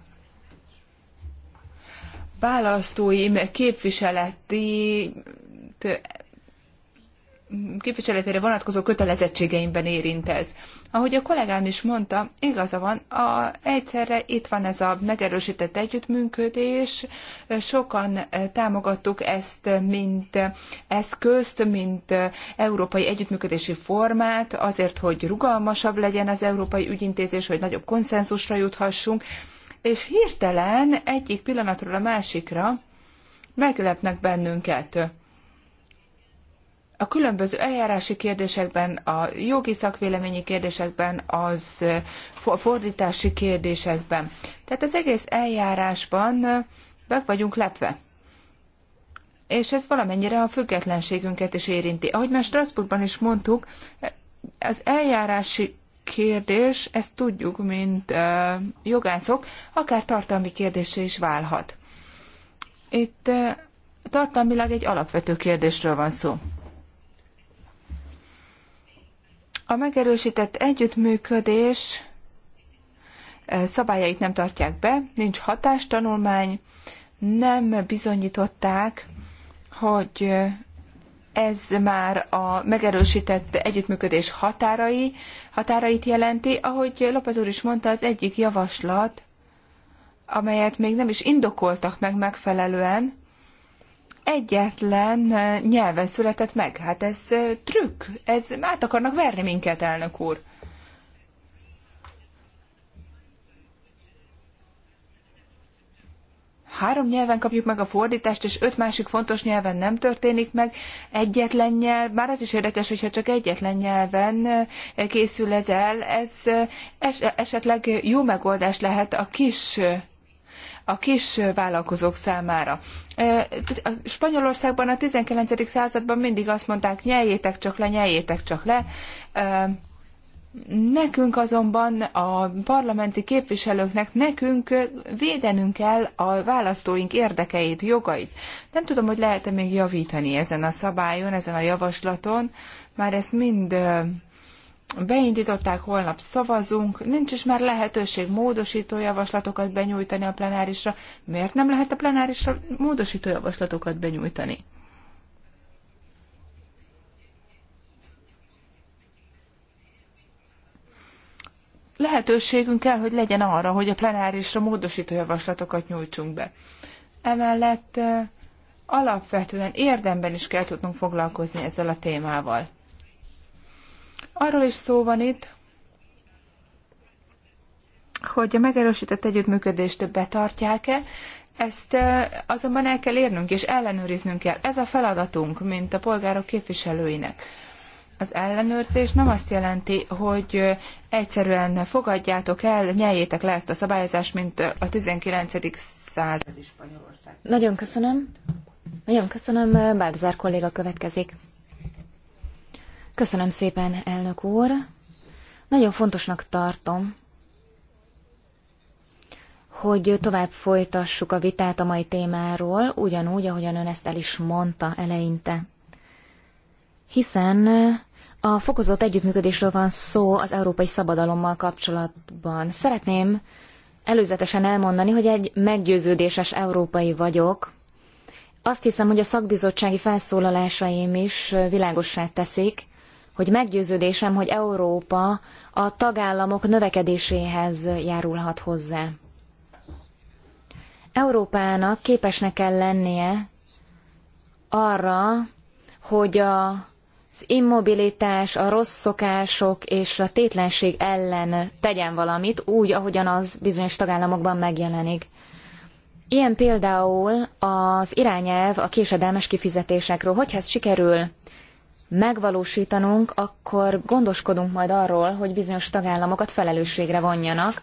választóim képviseleti képviseletére vonatkozó kötelezettségeimben érint ez. Ahogy a kollégám is mondta, igaza van, a, egyszerre itt van ez a megerősített együttműködés, sokan eh, támogattuk ezt, mint eh, eszközt, mint eh, európai együttműködési formát, azért, hogy rugalmasabb legyen az európai ügyintézés, hogy nagyobb konszenzusra juthassunk, és hirtelen egyik pillanatról a másikra meglepnek bennünket a különböző eljárási kérdésekben, a jogi szakvéleményi kérdésekben, az fordítási kérdésekben. Tehát az egész eljárásban meg vagyunk lepve. És ez valamennyire a függetlenségünket is érinti. Ahogy már Strasbourgban is mondtuk, az eljárási kérdés, ezt tudjuk, mint jogászok, akár tartalmi kérdésé is válhat. Itt tartalmilag egy alapvető kérdésről van szó. A megerősített együttműködés eh, szabályait nem tartják be, nincs hatástanulmány, nem bizonyították, hogy eh, ez már a megerősített együttműködés határai, határait jelenti. Ahogy López úr is mondta, az egyik javaslat, amelyet még nem is indokoltak meg megfelelően, egyetlen eh, nyelven született meg. Hát ez eh, trükk, ez át akarnak verni minket, elnök úr. három nyelven kapjuk meg a fordítást, és öt másik fontos nyelven nem történik meg. Egyetlen nyelv, már az is érdekes, hogyha csak egyetlen nyelven eh, készül ez el, ez esetleg jó megoldás lehet a kis a kis vállalkozók számára. A Spanyolországban a 19. században mindig azt mondták, nyeljétek csak le, nyeljétek csak le. Nekünk azonban a parlamenti képviselőknek nekünk védenünk kell a választóink érdekeit, jogait. Nem tudom, hogy lehet-e még javítani ezen a szabályon, ezen a javaslaton, már ezt mind beindították, holnap szavazunk, nincs is már lehetőség módosító javaslatokat benyújtani a plenárisra. Miért nem lehet a plenárisra módosító javaslatokat benyújtani? Lehetőségünk kell, hogy legyen arra, hogy a plenárisra módosító javaslatokat nyújtsunk be. Emellett eh, alapvetően érdemben is kell tudnunk foglalkozni ezzel a témával. Arról is szó van itt, hogy a megerősített együttműködést betartják-e, ezt azonban el kell érnünk és ellenőriznünk kell. Ez a feladatunk, mint a polgárok képviselőinek. Az ellenőrzés nem azt jelenti, hogy egyszerűen fogadjátok el, nyeljétek le ezt a szabályozást, mint a 19. század Spanyolország. Nagyon köszönöm. Nagyon köszönöm. Báltazár kolléga következik. Köszönöm szépen, elnök úr. Nagyon fontosnak tartom, hogy tovább folytassuk a vitát a mai témáról, ugyanúgy, ahogyan ön ezt el is mondta eleinte. Hiszen a fokozott együttműködésről van szó az európai szabadalommal kapcsolatban. Szeretném előzetesen elmondani, hogy egy meggyőződéses európai vagyok. Azt hiszem, hogy a szakbizottsági felszólalásaim is világossá teszik, hogy meggyőződésem, hogy Európa a tagállamok növekedéséhez járulhat hozzá. Európának képesnek kell lennie arra, hogy a az immobilitás, a rossz szokások és a tétlenség ellen tegyen valamit, úgy, ahogyan az bizonyos tagállamokban megjelenik. Ilyen például az irányelv a késedelmes kifizetésekről. Hogyha ez sikerül megvalósítanunk, akkor gondoskodunk majd arról, hogy bizonyos tagállamokat felelősségre vonjanak,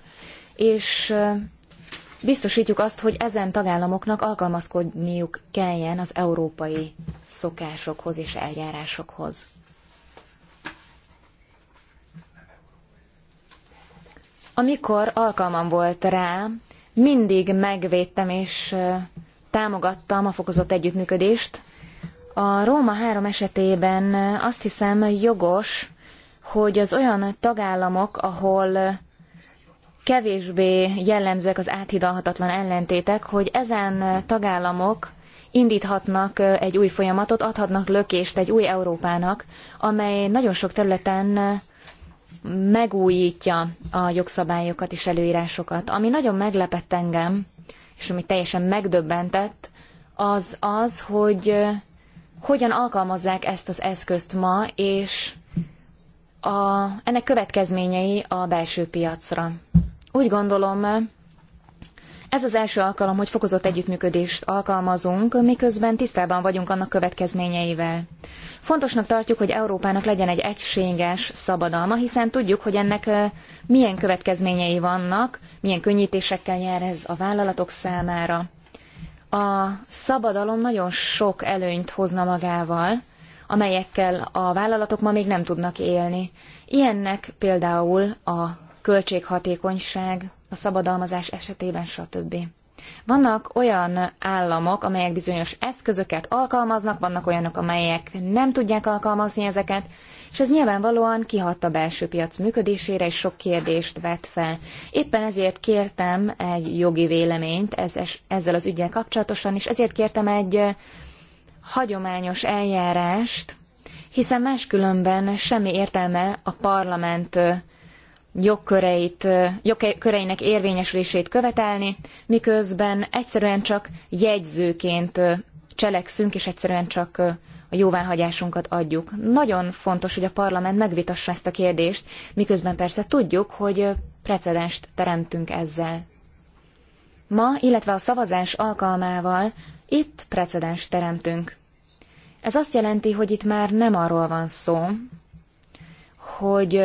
és biztosítjuk azt, hogy ezen tagállamoknak alkalmazkodniuk kelljen az európai szokásokhoz és eljárásokhoz. Amikor alkalmam volt rá, mindig megvédtem és támogattam a fokozott együttműködést a Róma három esetében azt hiszem jogos, hogy az olyan tagállamok, ahol kevésbé jellemzőek az áthidalhatatlan ellentétek, hogy ezen tagállamok indíthatnak egy új folyamatot, adhatnak lökést egy új Európának, amely nagyon sok területen megújítja a jogszabályokat és előírásokat. Ami nagyon meglepett engem, és ami teljesen megdöbbentett, az az, hogy hogyan alkalmazzák ezt az eszközt ma, és a, ennek következményei a belső piacra. Úgy gondolom, ez az első alkalom, hogy fokozott együttműködést alkalmazunk, miközben tisztában vagyunk annak következményeivel. Fontosnak tartjuk, hogy Európának legyen egy egységes szabadalma, hiszen tudjuk, hogy ennek milyen következményei vannak, milyen könnyítésekkel jár ez a vállalatok számára. A szabadalom nagyon sok előnyt hozna magával, amelyekkel a vállalatok ma még nem tudnak élni. Ilyennek például a költséghatékonyság, a szabadalmazás esetében, stb. Vannak olyan államok, amelyek bizonyos eszközöket alkalmaznak, vannak olyanok, amelyek nem tudják alkalmazni ezeket, és ez nyilvánvalóan kihat a belső piac működésére, és sok kérdést vet fel. Éppen ezért kértem egy jogi véleményt ez, ezzel az ügyel kapcsolatosan, és ezért kértem egy hagyományos eljárást, hiszen máskülönben semmi értelme a parlament jogköreit, jogköreinek érvényesülését követelni, miközben egyszerűen csak jegyzőként cselekszünk, és egyszerűen csak a jóváhagyásunkat adjuk. Nagyon fontos, hogy a parlament megvitassa ezt a kérdést, miközben persze tudjuk, hogy precedenst teremtünk ezzel. Ma, illetve a szavazás alkalmával itt precedenst teremtünk. Ez azt jelenti, hogy itt már nem arról van szó, hogy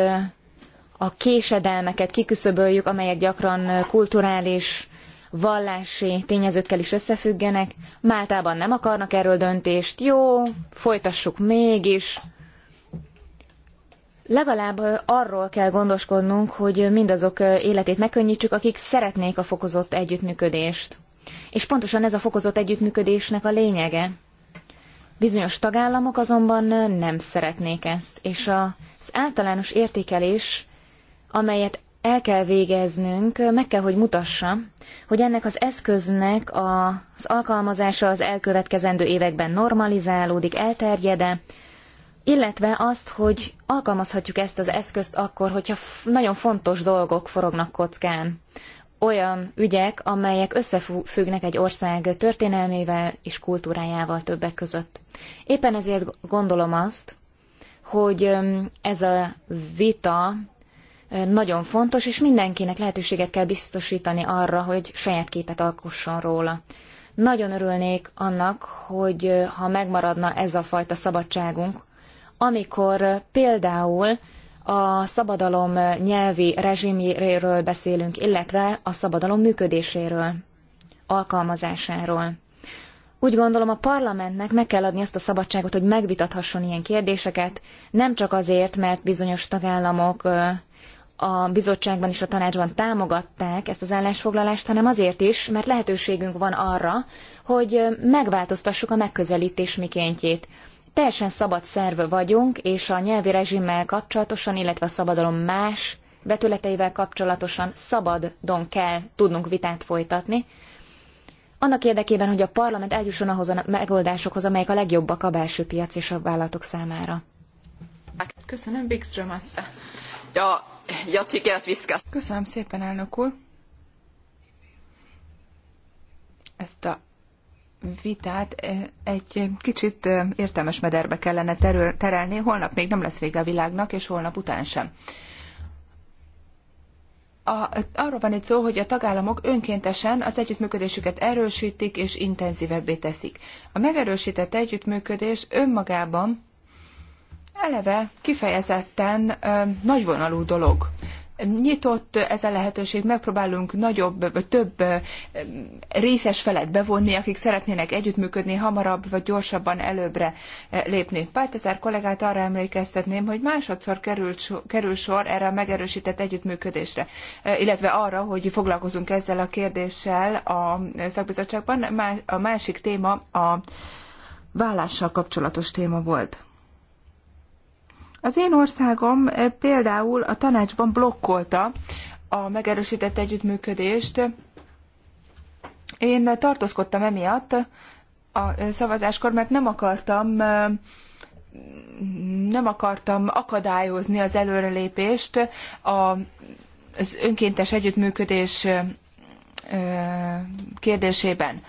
a késedelmeket kiküszöböljük, amelyek gyakran kulturális, vallási tényezőkkel is összefüggenek. Máltában nem akarnak erről döntést. Jó, folytassuk mégis. Legalább arról kell gondoskodnunk, hogy mindazok életét megkönnyítsük, akik szeretnék a fokozott együttműködést. És pontosan ez a fokozott együttműködésnek a lényege. Bizonyos tagállamok azonban nem szeretnék ezt, és az általános értékelés amelyet el kell végeznünk, meg kell, hogy mutassa, hogy ennek az eszköznek az alkalmazása az elkövetkezendő években normalizálódik, elterjede, illetve azt, hogy alkalmazhatjuk ezt az eszközt akkor, hogyha nagyon fontos dolgok forognak kockán. Olyan ügyek, amelyek összefüggnek egy ország történelmével és kultúrájával többek között. Éppen ezért gondolom azt, hogy ez a vita nagyon fontos, és mindenkinek lehetőséget kell biztosítani arra, hogy saját képet alkosson róla. Nagyon örülnék annak, hogy ha megmaradna ez a fajta szabadságunk, amikor például a szabadalom nyelvi rezsimjéről beszélünk, illetve a szabadalom működéséről, alkalmazásáról. Úgy gondolom, a parlamentnek meg kell adni azt a szabadságot, hogy megvitathasson ilyen kérdéseket, nem csak azért, mert bizonyos tagállamok a bizottságban és a tanácsban támogatták ezt az állásfoglalást, hanem azért is, mert lehetőségünk van arra, hogy megváltoztassuk a megközelítés mikéntjét. Teljesen szabad szerv vagyunk, és a nyelvi rezsimmel kapcsolatosan, illetve a szabadalom más vetületeivel kapcsolatosan szabadon kell tudnunk vitát folytatni, annak érdekében, hogy a parlament eljusson ahhoz a megoldásokhoz, amelyek a legjobbak a belső piac és a vállalatok számára. Köszönöm, Bigström assza. Ja, Jag tycker att vi ska... Köszönöm szépen, elnök úr. Ezt a vitát eh, egy kicsit eh, értelmes mederbe kellene terelni. Holnap még nem lesz vége a világnak, és holnap után sem. A, arról van itt szó, hogy a tagállamok önkéntesen az együttműködésüket erősítik és intenzívebbé teszik. A megerősített együttműködés önmagában eleve kifejezetten nagyvonalú dolog. Nyitott ez a lehetőség, megpróbálunk nagyobb, vagy több részes felet bevonni, akik szeretnének együttműködni, hamarabb vagy gyorsabban előbbre lépni. Páltezár kollégát arra emlékeztetném, hogy másodszor került, kerül sor erre a megerősített együttműködésre, illetve arra, hogy foglalkozunk ezzel a kérdéssel a szakbizottságban. A másik téma a vállással kapcsolatos téma volt. Az én országom eh, például a tanácsban blokkolta a megerősített együttműködést. Én tartózkodtam emiatt a eh, szavazáskor, mert nem akartam eh, nem akartam akadályozni az előrelépést az önkéntes együttműködés kérdésében.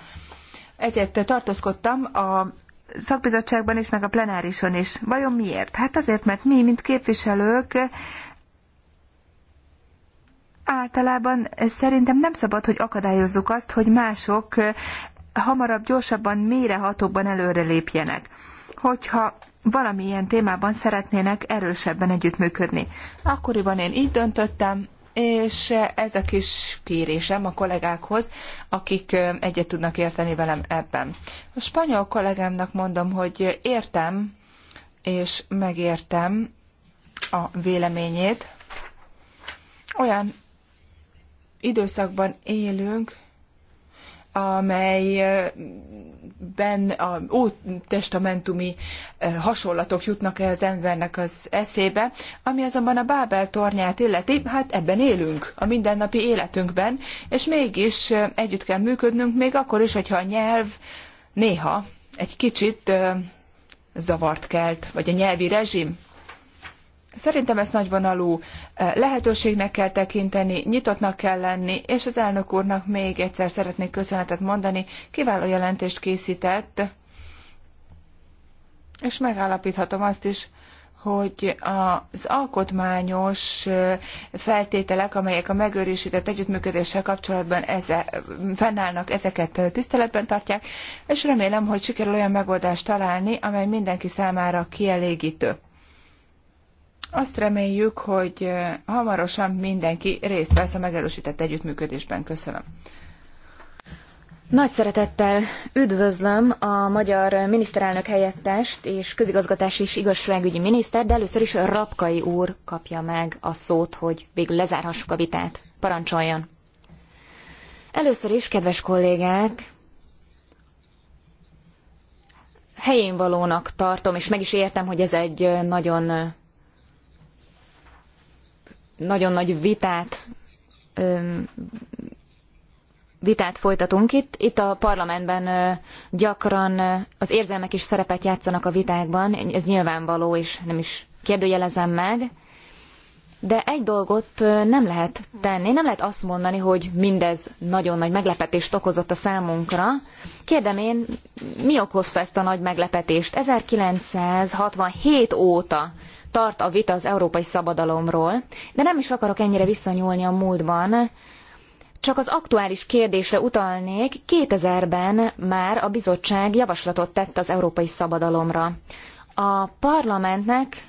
Ezért tartózkodtam a szakbizottságban is, meg a plenárison is. Vajon miért? Hát azért, mert mi, mint képviselők, általában szerintem nem szabad, hogy akadályozzuk azt, hogy mások hamarabb, gyorsabban, előre lépjenek. Hogyha valamilyen témában szeretnének erősebben együttműködni. Akkoriban én így döntöttem, és ez a kis kérésem a kollégákhoz, akik egyet tudnak érteni velem ebben. A spanyol kollégámnak mondom, hogy értem, és megértem a véleményét. Olyan időszakban élünk, amelyben a ótestamentumi eh, hasonlatok jutnak az embernek az eszébe, ami azonban a Bábel tornyát illeti, hát ebben élünk, a mindennapi életünkben, és mégis eh, együtt kell működnünk, még akkor is, hogyha a nyelv néha egy kicsit eh, zavart kelt, vagy a nyelvi rezsim Szerintem ezt nagyvonalú eh, lehetőségnek kell tekinteni, nyitottnak kell lenni, és az elnök úrnak még egyszer szeretnék köszönetet mondani, kiváló jelentést készített, és megállapíthatom azt is, hogy az alkotmányos eh, feltételek, amelyek a megőrisített együttműködéssel kapcsolatban eze, fennállnak, ezeket eh, tiszteletben tartják, és remélem, hogy sikerül olyan megoldást találni, amely mindenki számára kielégítő. Azt reméljük, hogy hamarosan mindenki részt vesz a megerősített együttműködésben. Köszönöm. Nagy szeretettel üdvözlöm a magyar miniszterelnök helyettest és közigazgatási és igazságügyi miniszter, de először is Rapkai úr kapja meg a szót, hogy végül lezárhassuk a vitát. Parancsoljon! Először is, kedves kollégák, helyén valónak tartom, és meg is értem, hogy ez egy nagyon nagyon nagy vitát vitát folytatunk itt. Itt a parlamentben gyakran az érzelmek is szerepet játszanak a vitákban, ez nyilvánvaló, és nem is kérdőjelezem meg. De egy dolgot nem lehet tenni, nem lehet azt mondani, hogy mindez nagyon nagy meglepetést okozott a számunkra. Kérdem én, mi okozta ezt a nagy meglepetést? 1967 óta tart a vita az európai szabadalomról, de nem is akarok ennyire visszanyúlni a múltban, csak az aktuális kérdésre utalnék, 2000-ben már a bizottság javaslatot tett az európai szabadalomra. A parlamentnek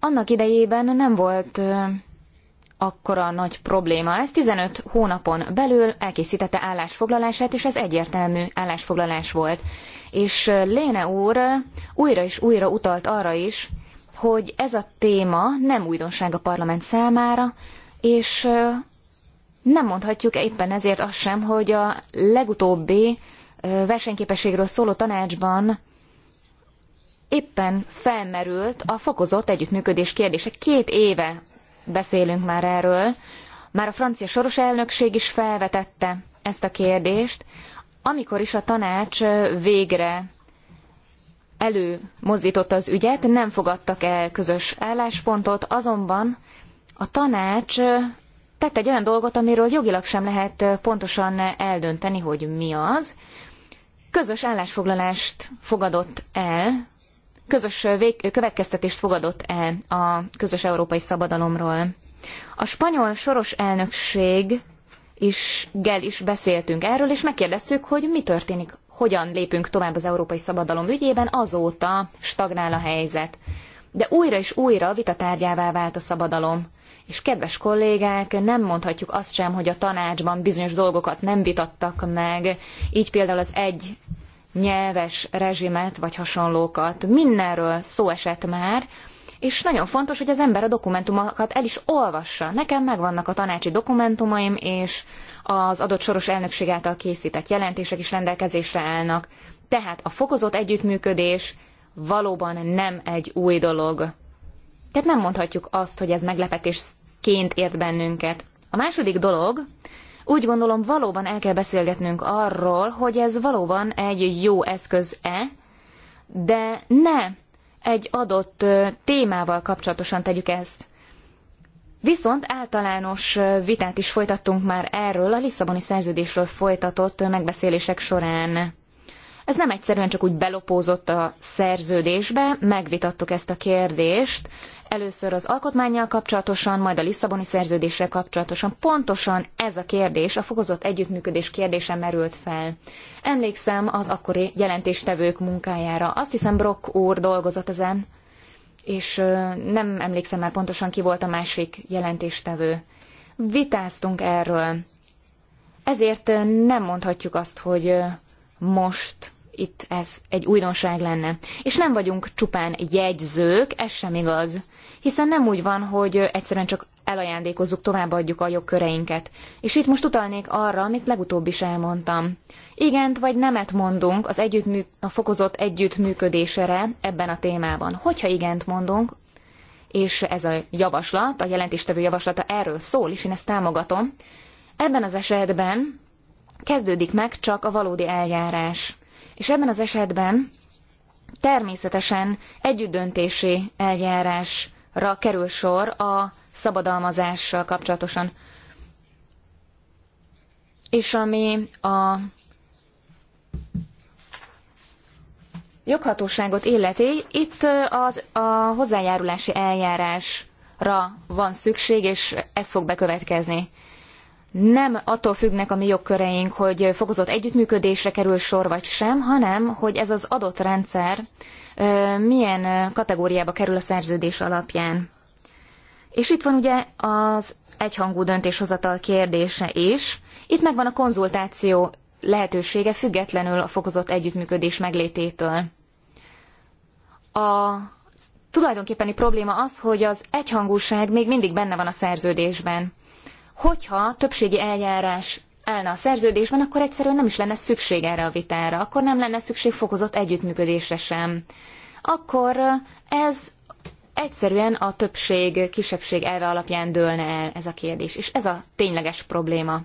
annak idejében nem volt akkora nagy probléma. Ez 15 hónapon belül elkészítette állásfoglalását, és ez egyértelmű állásfoglalás volt. És Léne úr újra és újra utalt arra is, hogy ez a téma nem újdonság a parlament számára, és nem mondhatjuk éppen ezért azt sem, hogy a legutóbbi versenyképességről szóló tanácsban éppen felmerült a fokozott együttműködés kérdése. Két éve beszélünk már erről, már a francia soros elnökség is felvetette ezt a kérdést, amikor is a tanács végre előmozdította az ügyet, nem fogadtak el közös álláspontot, azonban a tanács tett egy olyan dolgot, amiről jogilag sem lehet pontosan eldönteni, hogy mi az. Közös állásfoglalást fogadott el, közös vég, következtetést fogadott el a közös európai szabadalomról. A spanyol soros elnökség is, gel is beszéltünk erről, és megkérdeztük, hogy mi történik hogyan lépünk tovább az európai szabadalom ügyében, azóta stagnál a helyzet. De újra és újra tárgyává vált a szabadalom. És kedves kollégák, nem mondhatjuk azt sem, hogy a tanácsban bizonyos dolgokat nem vitattak meg, így például az egy nyelves rezsimet vagy hasonlókat. Mindenről szó esett már, és nagyon fontos, hogy az ember a dokumentumokat el is olvassa. Nekem megvannak a tanácsi dokumentumaim, és az adott soros elnökség által készített jelentések is rendelkezésre állnak. Tehát a fokozott együttműködés valóban nem egy új dolog. Tehát nem mondhatjuk azt, hogy ez meglepetésként ért bennünket. A második dolog, úgy gondolom valóban el kell beszélgetnünk arról, hogy ez valóban egy jó eszköz-e, de ne egy adott témával kapcsolatosan tegyük ezt. Viszont általános vitát is folytattunk már erről a Lisszaboni szerződésről folytatott megbeszélések során. Ez nem egyszerűen csak úgy belopózott a szerződésbe, megvitattuk ezt a kérdést, először az alkotmányjal kapcsolatosan, majd a Lisszaboni szerződéssel kapcsolatosan. Pontosan ez a kérdés, a fokozott együttműködés kérdése merült fel. Emlékszem az akkori jelentéstevők munkájára. Azt hiszem Brock úr dolgozott ezen és nem emlékszem már pontosan ki volt a másik jelentéstevő. Vitáztunk erről. Ezért nem mondhatjuk azt, hogy most itt ez egy újdonság lenne. És nem vagyunk csupán jegyzők, ez sem igaz. Hiszen nem úgy van, hogy egyszerűen csak elajándékozzuk, továbbadjuk a jogköreinket. És itt most utalnék arra, amit legutóbb is elmondtam. Igent vagy nemet mondunk az együttmű, a fokozott együttműködésre ebben a témában. Hogyha igent mondunk, és ez a javaslat, a jelentéstevő javaslata erről szól, és én ezt támogatom, ebben az esetben kezdődik meg csak a valódi eljárás. És ebben az esetben természetesen együttdöntési eljárás ra kerül sor a szabadalmazással kapcsolatosan. És ami a joghatóságot illeti, itt az, a hozzájárulási eljárásra van szükség, és ez fog bekövetkezni. Nem attól függnek a mi jogköreink, hogy fokozott együttműködésre kerül sor vagy sem, hanem hogy ez az adott rendszer milyen kategóriába kerül a szerződés alapján. És itt van ugye az egyhangú döntéshozatal kérdése is. Itt megvan a konzultáció lehetősége függetlenül a fokozott együttműködés meglététől. A tulajdonképpeni probléma az, hogy az egyhangúság még mindig benne van a szerződésben. Hogyha többségi eljárás állna a szerződésben, akkor egyszerűen nem is lenne szükség erre a vitára, akkor nem lenne szükség fokozott együttműködésre sem. Akkor ez egyszerűen a többség, kisebbség elve alapján dőlne el ez a kérdés, és ez a tényleges probléma.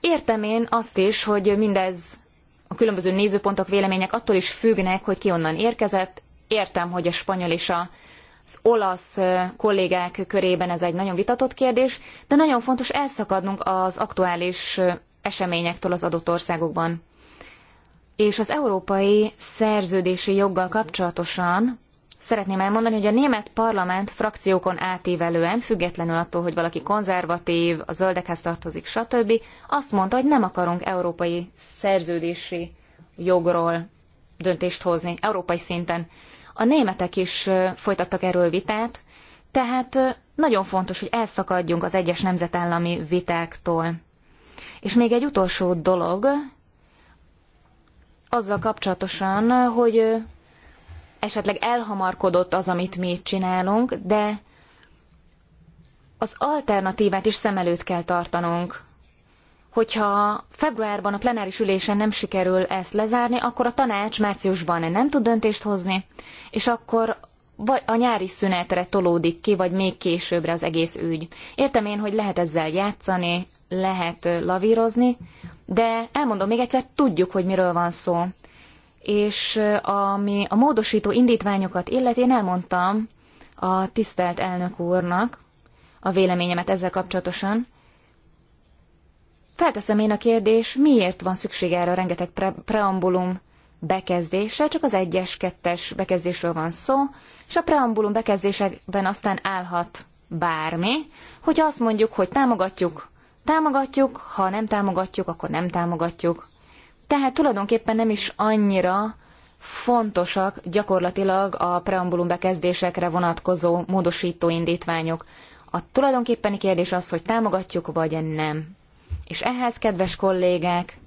Értem én azt is, hogy mindez a különböző nézőpontok, vélemények attól is függnek, hogy ki onnan érkezett. Értem, hogy a spanyol és a az olasz kollégák körében ez egy nagyon vitatott kérdés, de nagyon fontos elszakadnunk az aktuális eseményektől az adott országokban. És az európai szerződési joggal kapcsolatosan szeretném elmondani, hogy a német parlament frakciókon átívelően, függetlenül attól, hogy valaki konzervatív, a zöldekhez tartozik, stb., azt mondta, hogy nem akarunk európai szerződési jogról döntést hozni, európai szinten. A németek is folytattak erről vitát, tehát nagyon fontos, hogy elszakadjunk az egyes nemzetállami vitáktól. És még egy utolsó dolog, azzal kapcsolatosan, hogy esetleg elhamarkodott az, amit mi itt csinálunk, de az alternatívát is szem előtt kell tartanunk hogyha februárban a plenáris ülésen nem sikerül ezt lezárni, akkor a tanács márciusban nem tud döntést hozni, és akkor vagy a nyári szünetre tolódik ki, vagy még későbbre az egész ügy. Értem én, hogy lehet ezzel játszani, lehet lavírozni, de elmondom még egyszer, tudjuk, hogy miről van szó. És ami a módosító indítványokat illeti, én elmondtam a tisztelt elnök úrnak a véleményemet ezzel kapcsolatosan, Felteszem én a kérdés, miért van szükség erre a rengeteg pre- preambulum bekezdésre, csak az egyes, kettes bekezdésről van szó, és a preambulum bekezdésekben aztán állhat bármi, hogyha azt mondjuk, hogy támogatjuk, támogatjuk, ha nem támogatjuk, akkor nem támogatjuk. Tehát tulajdonképpen nem is annyira fontosak gyakorlatilag a preambulum bekezdésekre vonatkozó módosító indítványok. A tulajdonképpeni kérdés az, hogy támogatjuk vagy nem és ehhez, kedves kollégák,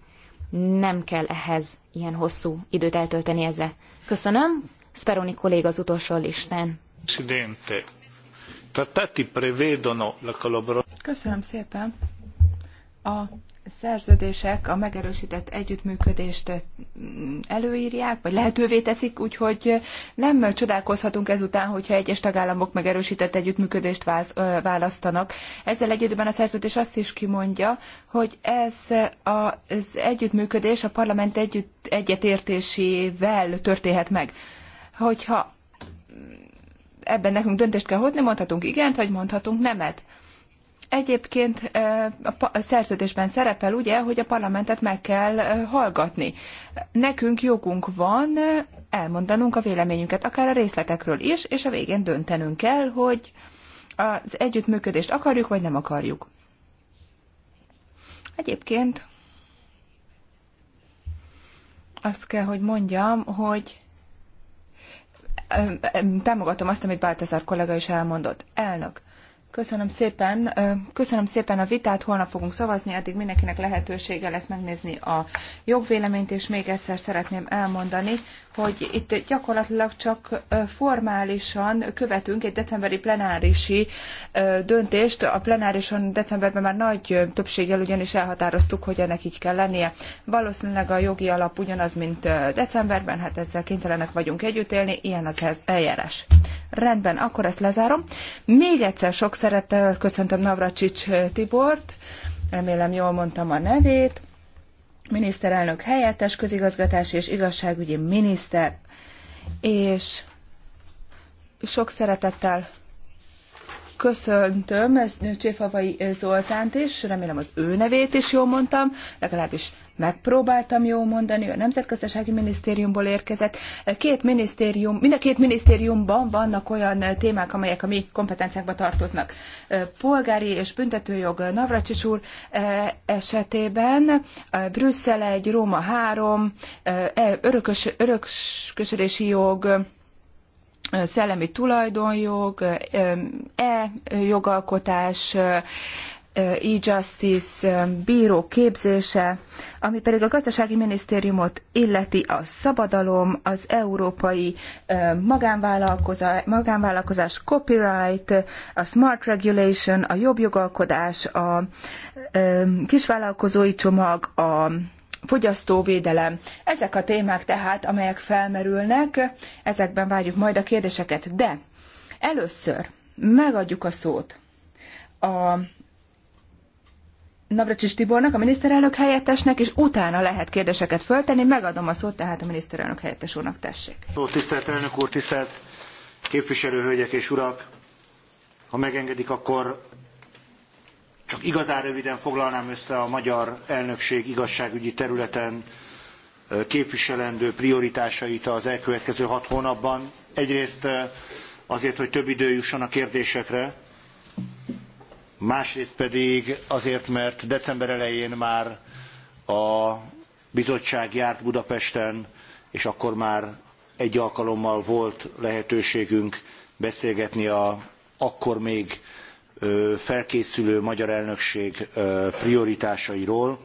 nem kell ehhez ilyen hosszú időt eltölteni ezzel. Köszönöm. Speroni kolléga az utolsó listán. Köszönöm szépen. A szerződések a megerősített együttműködést eh, előírják, vagy lehetővé teszik, úgyhogy eh, nem csodálkozhatunk ezután, hogyha egyes tagállamok megerősített együttműködést eh, választanak. Ezzel egyedülben a szerződés azt is kimondja, hogy ez az együttműködés a parlament együtt, egyetértésével történhet meg. Hogyha ebben nekünk döntést kell hozni, mondhatunk igent, vagy mondhatunk nemet Egyébként a szerződésben szerepel ugye, hogy a parlamentet meg kell hallgatni. Nekünk jogunk van elmondanunk a véleményünket, akár a részletekről is, és a végén döntenünk kell, hogy az együttműködést akarjuk, vagy nem akarjuk. Egyébként azt kell, hogy mondjam, hogy támogatom azt, amit Baltazar kollega is elmondott. Elnök, Köszönöm szépen. Köszönöm szépen a vitát, holnap fogunk szavazni, addig mindenkinek lehetősége lesz megnézni a jogvéleményt, és még egyszer szeretném elmondani, hogy itt gyakorlatilag csak formálisan követünk egy decemberi plenárisi döntést. A plenárison decemberben már nagy többséggel ugyanis elhatároztuk, hogy ennek így kell lennie. Valószínűleg a jogi alap ugyanaz, mint decemberben, hát ezzel kénytelenek vagyunk együtt élni, ilyen az eljárás. Rendben, akkor ezt lezárom. Még egyszer sok szeretettel köszöntöm Navracsics Tibort, remélem jól mondtam a nevét miniszterelnök helyettes közigazgatási és igazságügyi miniszter, és sok szeretettel Köszöntöm ezt Cséfavai Zoltánt is, remélem az ő nevét is jól mondtam, legalábbis megpróbáltam jól mondani, a Nemzetgazdasági Minisztériumból érkezett. Két minisztérium, mind a két minisztériumban vannak olyan témák, amelyek a mi kompetenciákba tartoznak. Polgári és büntetőjog Navracsics úr e, esetében e, Brüsszel egy, Róma három, e, örökös, örökösödési jog, szellemi tulajdonjog, e-jogalkotás, e, e, e, e-justice, bíró képzése, ami pedig a gazdasági minisztériumot illeti a szabadalom, az európai magánvállalkozás, magánvállalkozás copyright, a smart regulation, a jobb jogalkodás, a kisvállalkozói csomag, a fogyasztóvédelem. Ezek a témák tehát, amelyek felmerülnek, ezekben várjuk majd a kérdéseket. De először megadjuk a szót a Navracsis Tibornak, a miniszterelnök helyettesnek, és utána lehet kérdéseket föltenni. Megadom a szót tehát a miniszterelnök helyettes úrnak, tessék. tisztelt elnök úr, tisztelt képviselő hölgyek és urak! Ha megengedik, akkor csak igazán röviden foglalnám össze a magyar elnökség igazságügyi területen képviselendő prioritásait az elkövetkező hat hónapban. Egyrészt azért, hogy több idő jusson a kérdésekre, másrészt pedig azért, mert december elején már a bizottság járt Budapesten, és akkor már egy alkalommal volt lehetőségünk beszélgetni a akkor még felkészülő magyar elnökség prioritásairól.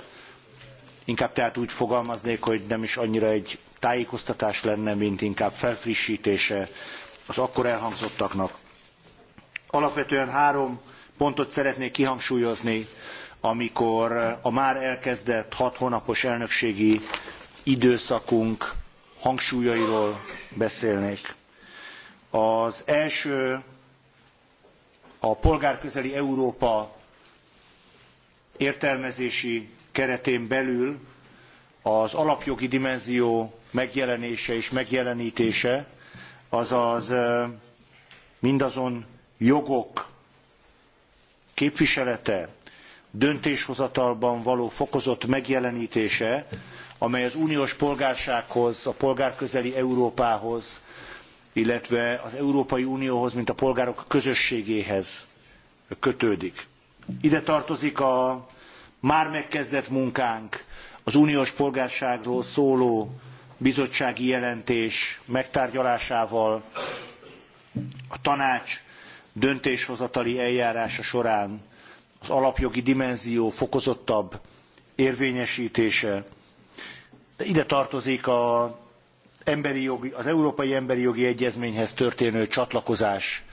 Inkább tehát úgy fogalmaznék, hogy nem is annyira egy tájékoztatás lenne, mint inkább felfrissítése az akkor elhangzottaknak. Alapvetően három pontot szeretnék kihangsúlyozni, amikor a már elkezdett hat hónapos elnökségi időszakunk hangsúlyairól beszélnék. Az első a polgárközeli Európa értelmezési keretén belül az alapjogi dimenzió megjelenése és megjelenítése, azaz mindazon jogok képviselete, döntéshozatalban való fokozott megjelenítése, amely az uniós polgársághoz, a polgárközeli Európához illetve az Európai Unióhoz, mint a polgárok közösségéhez kötődik. Ide tartozik a már megkezdett munkánk, az uniós polgárságról szóló bizottsági jelentés megtárgyalásával a tanács döntéshozatali eljárása során az alapjogi dimenzió fokozottabb érvényesítése. De ide tartozik a emberi jogi, az Európai Emberi Jogi Egyezményhez történő csatlakozás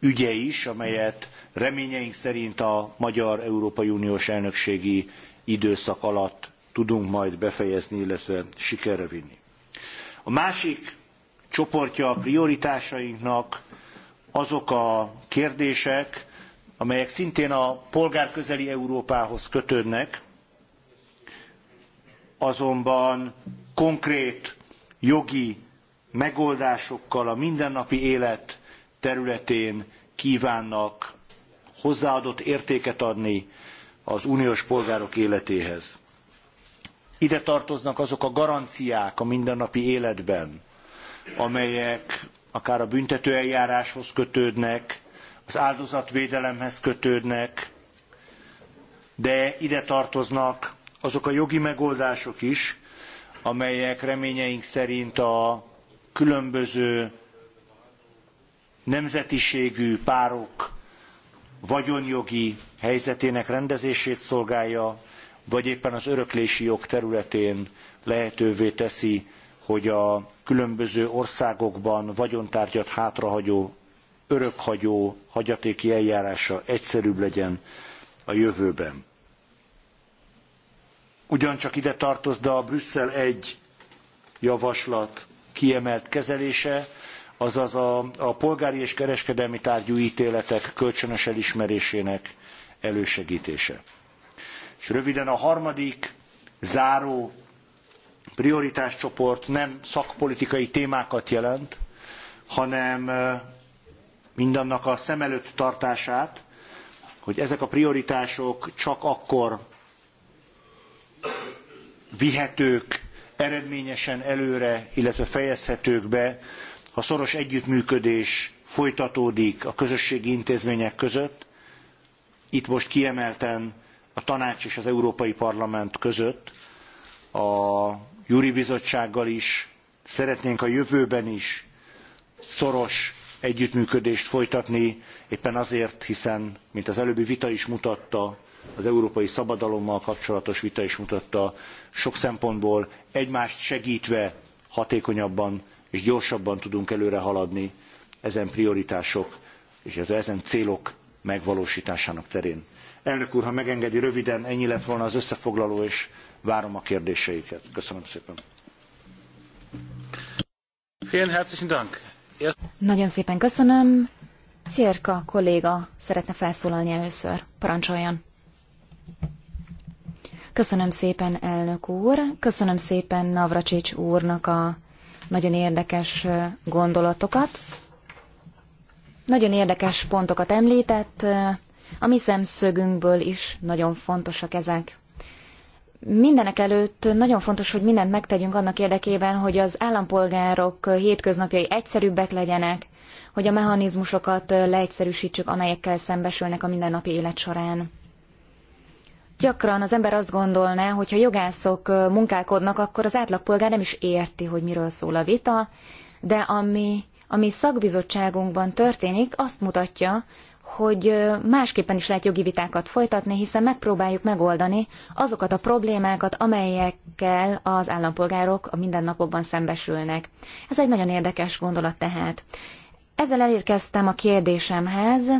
ügye is, amelyet reményeink szerint a magyar Európai Uniós elnökségi időszak alatt tudunk majd befejezni, illetve sikerre vinni. A másik csoportja a prioritásainknak azok a kérdések, amelyek szintén a polgárközeli Európához kötődnek, azonban konkrét jogi megoldásokkal a mindennapi élet területén kívánnak hozzáadott értéket adni az uniós polgárok életéhez. Ide tartoznak azok a garanciák a mindennapi életben, amelyek akár a büntetőeljáráshoz kötődnek, az áldozatvédelemhez kötődnek, de ide tartoznak azok a jogi megoldások is, amelyek reményeink szerint a különböző nemzetiségű párok vagyonjogi helyzetének rendezését szolgálja, vagy éppen az öröklési jog területén lehetővé teszi, hogy a különböző országokban vagyontárgyat hátrahagyó, örökhagyó hagyatéki eljárása egyszerűbb legyen a jövőben ugyancsak ide tartozna a Brüsszel egy javaslat kiemelt kezelése, azaz a, a polgári és kereskedelmi tárgyú ítéletek kölcsönös elismerésének elősegítése. És röviden a harmadik záró prioritáscsoport nem szakpolitikai témákat jelent, hanem mindannak a szem előtt tartását, hogy ezek a prioritások csak akkor vihetők eredményesen előre, illetve fejezhetők be, ha szoros együttműködés folytatódik a közösségi intézmények között, itt most kiemelten a tanács és az Európai Parlament között, a Júri Bizottsággal is, szeretnénk a jövőben is szoros együttműködést folytatni, éppen azért, hiszen, mint az előbbi vita is mutatta, az európai szabadalommal kapcsolatos vita is mutatta, sok szempontból egymást segítve hatékonyabban és gyorsabban tudunk előre haladni ezen prioritások és ezen célok megvalósításának terén. Elnök úr, ha megengedi röviden, ennyi lett volna az összefoglaló, és várom a kérdéseiket. Köszönöm szépen. Nagyon szépen köszönöm. Cirka kolléga szeretne felszólalni először. Parancsoljon. Köszönöm szépen, elnök úr. Köszönöm szépen Navracsics úrnak a nagyon érdekes gondolatokat. Nagyon érdekes pontokat említett, a mi szemszögünkből is nagyon fontosak ezek. Mindenek előtt nagyon fontos, hogy mindent megtegyünk annak érdekében, hogy az állampolgárok hétköznapjai egyszerűbbek legyenek, hogy a mechanizmusokat leegyszerűsítsük, amelyekkel szembesülnek a mindennapi élet során. Gyakran az ember azt gondolná, hogy ha jogászok munkálkodnak, akkor az átlagpolgár nem is érti, hogy miről szól a vita, de ami, ami szakbizottságunkban történik, azt mutatja, hogy másképpen is lehet jogi vitákat folytatni, hiszen megpróbáljuk megoldani azokat a problémákat, amelyekkel az állampolgárok a mindennapokban szembesülnek. Ez egy nagyon érdekes gondolat tehát. Ezzel elérkeztem a kérdésemhez,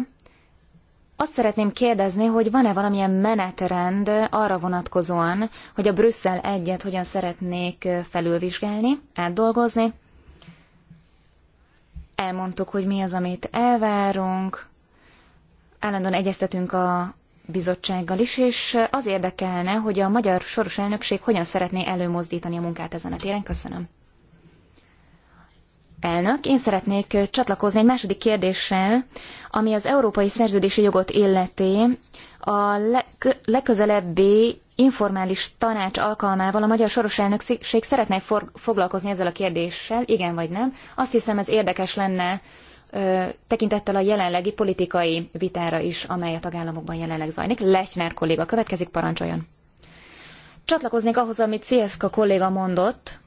azt szeretném kérdezni, hogy van-e valamilyen menetrend arra vonatkozóan, hogy a Brüsszel egyet hogyan szeretnék felülvizsgálni, átdolgozni. Elmondtuk, hogy mi az, amit elvárunk. Állandóan egyeztetünk a bizottsággal is, és az érdekelne, hogy a magyar soros elnökség hogyan szeretné előmozdítani a munkát ezen a téren. Köszönöm. Elnök, én szeretnék csatlakozni egy második kérdéssel, ami az európai szerződési jogot illeti. A legközelebbi informális tanács alkalmával a magyar soros elnökség szeretne foglalkozni ezzel a kérdéssel, igen vagy nem. Azt hiszem ez érdekes lenne ö, tekintettel a jelenlegi politikai vitára is, amely a tagállamokban jelenleg zajlik. Lechner kolléga következik, parancsoljon. Csatlakoznék ahhoz, amit Cieszka kolléga mondott,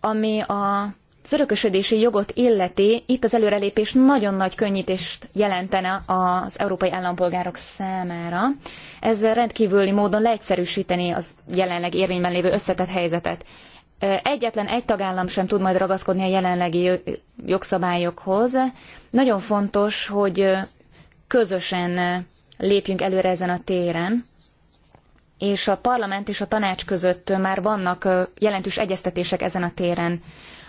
ami a az örökösödési jogot illeti, itt az előrelépés nagyon nagy könnyítést jelentene az európai állampolgárok számára. Ez rendkívüli módon leegyszerűsíteni az jelenleg érvényben lévő összetett helyzetet. Egyetlen egy tagállam sem tud majd ragaszkodni a jelenlegi jogszabályokhoz. Nagyon fontos, hogy közösen lépjünk előre ezen a téren, és a parlament és a tanács között már vannak jelentős egyeztetések ezen a téren.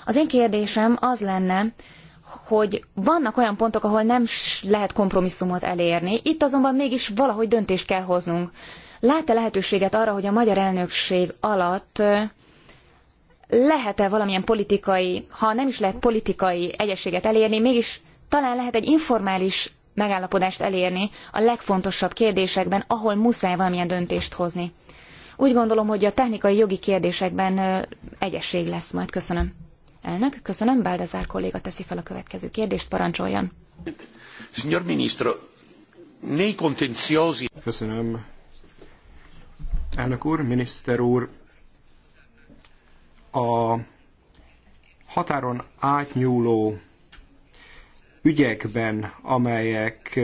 Az én kérdésem az lenne, hogy vannak olyan pontok, ahol nem lehet kompromisszumot elérni, itt azonban mégis valahogy döntést kell hoznunk. Lát-e lehetőséget arra, hogy a magyar elnökség alatt lehet-e valamilyen politikai, ha nem is lehet politikai egyességet elérni, mégis talán lehet egy informális megállapodást elérni a legfontosabb kérdésekben, ahol muszáj valamilyen döntést hozni. Úgy gondolom, hogy a technikai jogi kérdésekben egyesség lesz majd. Köszönöm. Elnök, köszönöm. Báldazár kolléga teszi fel a következő kérdést, parancsoljon. Signor Ministro, nei contenziosi... Köszönöm. Elnök úr, miniszter úr, a határon átnyúló ügyekben, amelyek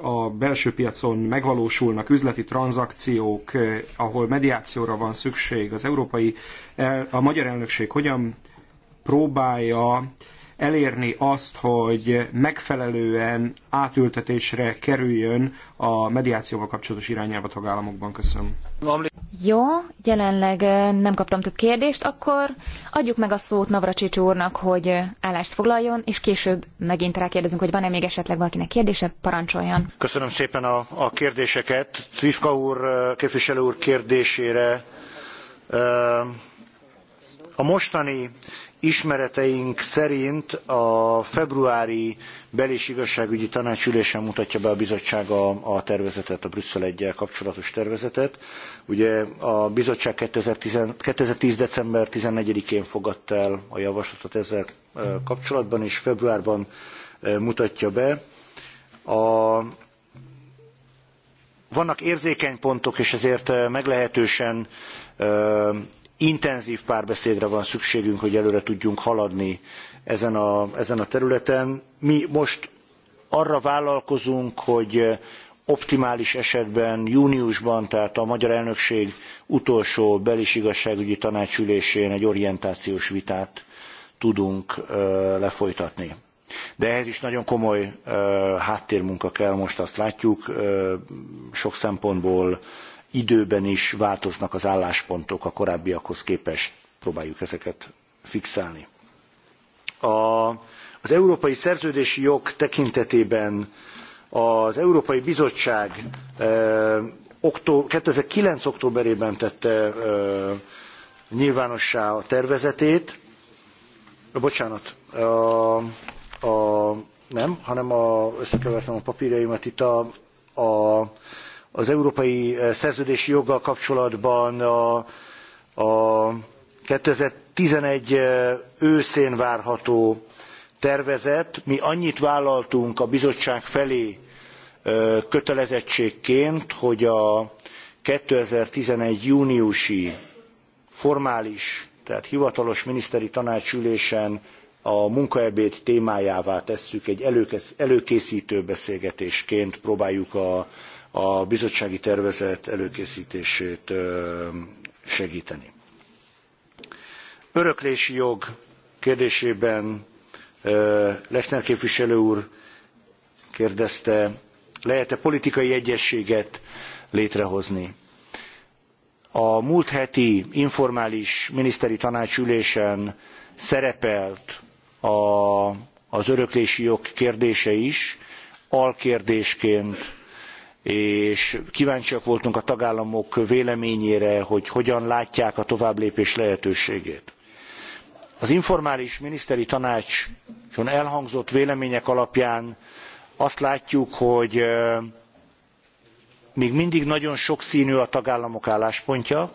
a belső piacon megvalósulnak, üzleti tranzakciók, ahol mediációra van szükség, az európai, a magyar elnökség hogyan próbálja elérni azt, hogy megfelelően átültetésre kerüljön a mediációval kapcsolatos irányelv a tagállamokban. Köszönöm. Jó, jelenleg nem kaptam több kérdést, akkor adjuk meg a szót Navracsics úrnak, hogy állást foglaljon, és később megint rákérdezünk, hogy van-e még esetleg valakinek kérdése, parancsoljon. Köszönöm szépen a, a kérdéseket. Cvifka úr, képviselő úr kérdésére a mostani ismereteink szerint a februári bel- és igazságügyi tanácsülésen mutatja be a bizottság a, a tervezetet, a Brüsszel egyel kapcsolatos tervezetet. Ugye a bizottság 2010, 2010 december 14-én fogadta el a javaslatot ezzel kapcsolatban, és februárban mutatja be. A, vannak érzékeny pontok, és ezért meglehetősen intenzív párbeszédre van szükségünk, hogy előre tudjunk haladni ezen a, ezen a területen. Mi most arra vállalkozunk, hogy optimális esetben júniusban, tehát a magyar elnökség utolsó bel- és igazságügyi tanácsülésén egy orientációs vitát tudunk lefolytatni. De ehhez is nagyon komoly háttérmunka kell, most azt látjuk, sok szempontból időben is változnak az álláspontok a korábbiakhoz képest. Próbáljuk ezeket fixálni. A, az európai szerződési jog tekintetében az Európai Bizottság eh, októ, 2009. októberében tette eh, nyilvánossá a tervezetét, bocsánat, a, a, nem, hanem a, összekevertem a papírjaimat itt a, a az európai eh, szerződési joggal kapcsolatban a, a 2011 eh, őszén várható tervezet. Mi annyit vállaltunk a bizottság felé eh, kötelezettségként, hogy a 2011 júniusi formális, tehát hivatalos miniszteri tanácsülésen a munkaebéd témájává tesszük, egy előkészítő beszélgetésként próbáljuk a a bizottsági tervezet előkészítését segíteni. Öröklési jog kérdésében Lechner képviselő úr kérdezte, lehet-e politikai egyességet létrehozni. A múlt heti informális miniszteri tanácsülésen szerepelt a, az öröklési jog kérdése is, alkérdésként és kíváncsiak voltunk a tagállamok véleményére, hogy hogyan látják a továbblépés lehetőségét. Az informális miniszteri tanácson elhangzott vélemények alapján azt látjuk, hogy még mindig nagyon sokszínű a tagállamok álláspontja.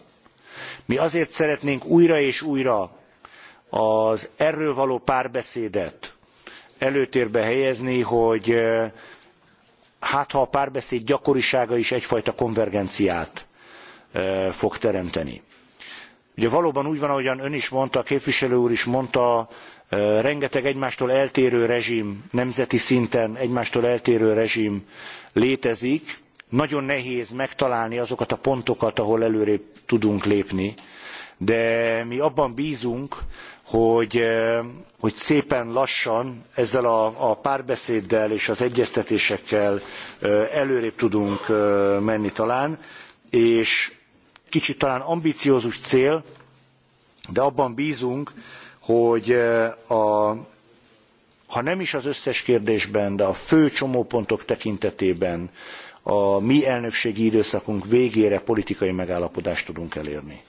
Mi azért szeretnénk újra és újra az erről való párbeszédet előtérbe helyezni, hogy hát ha a párbeszéd gyakorisága is egyfajta konvergenciát fog teremteni. Ugye valóban úgy van, ahogyan ön is mondta, a képviselő úr is mondta, rengeteg egymástól eltérő rezsim, nemzeti szinten egymástól eltérő rezsim létezik. Nagyon nehéz megtalálni azokat a pontokat, ahol előrébb tudunk lépni, de mi abban bízunk, hogy, eh, hogy szépen lassan ezzel a, a párbeszéddel és az egyeztetésekkel eh, előrébb tudunk eh, menni talán, és kicsit talán ambiciózus cél, de abban bízunk, hogy a, ha nem is az összes kérdésben, de a fő csomópontok tekintetében a mi elnökségi időszakunk végére politikai megállapodást tudunk elérni.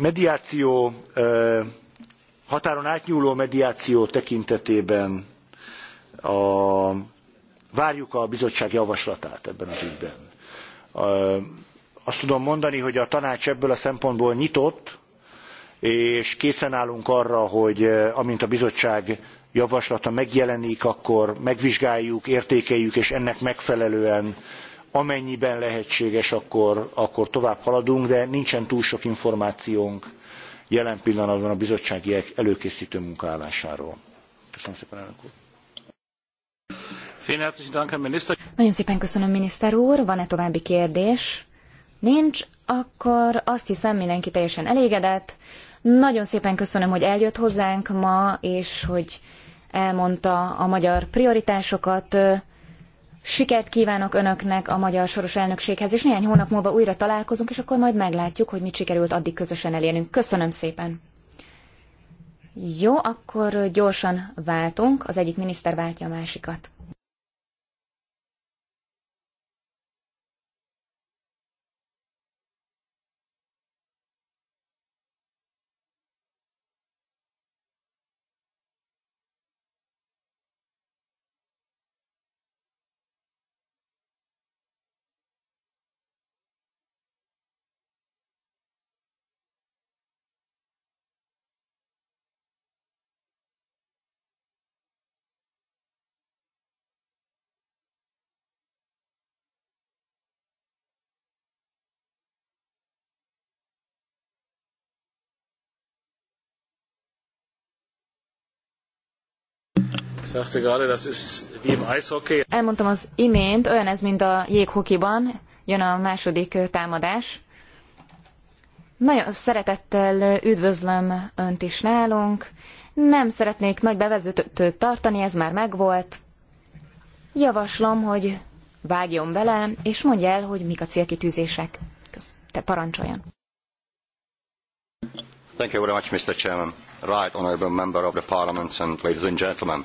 mediáció, határon átnyúló mediáció tekintetében várjuk a bizottság javaslatát ebben az ügyben. Azt tudom mondani, hogy a tanács ebből a szempontból nyitott, és készen állunk arra, hogy amint a bizottság javaslata megjelenik, akkor megvizsgáljuk, értékeljük, és ennek megfelelően amennyiben lehetséges, akkor, akkor tovább haladunk, de nincsen túl sok információnk jelen pillanatban a bizottsági előkészítő munkálásáról. Köszönöm szépen, elnök úr. Nagyon szépen köszönöm, miniszter úr. Van-e további kérdés? Nincs, akkor azt hiszem mindenki teljesen elégedett. Nagyon szépen köszönöm, hogy eljött hozzánk ma, és hogy elmondta a magyar prioritásokat. Sikert kívánok Önöknek a magyar soros elnökséghez, és néhány hónap múlva újra találkozunk, és akkor majd meglátjuk, hogy mit sikerült addig közösen elérnünk. Köszönöm szépen! Jó, akkor gyorsan váltunk, az egyik miniszter váltja a másikat. Elmondtam az imént, olyan ez, mint a jéghokiban, jön a második támadás. Nagyon szeretettel üdvözlöm Önt is nálunk. Nem szeretnék nagy bevezetőt tartani, ez már megvolt. Javaslom, hogy vágjon bele, és mondja el, hogy mik a célkitűzések. Kösz. Te parancsoljon. Thank you very much, Mr. Chairman. Right honourable member of the Parliament and ladies and gentlemen.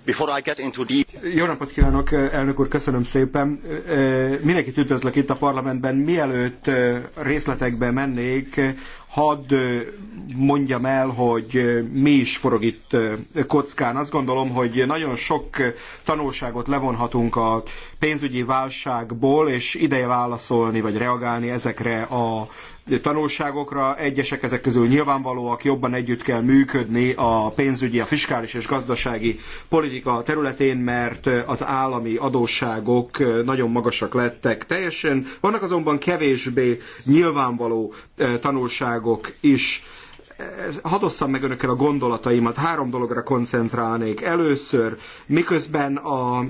Before I get into Jó napot kívánok, elnök úr, köszönöm szépen. Mindenkit üdvözlök itt a parlamentben. Mielőtt részletekbe mennék, hadd mondjam el, hogy mi is forog itt kockán. Azt gondolom, hogy nagyon sok tanulságot levonhatunk a pénzügyi válságból, és ideje válaszolni vagy reagálni ezekre a tanulságokra. Egyesek ezek közül nyilvánvalóak, jobban együtt kell működni a pénzügyi, a fiskális és gazdasági politikai adópolitika területén, mert az állami adósságok nagyon magasak lettek teljesen. Vannak azonban kevésbé nyilvánvaló tanulságok is hadd osszam meg önökkel a gondolataimat, három dologra koncentrálnék. Először, miközben a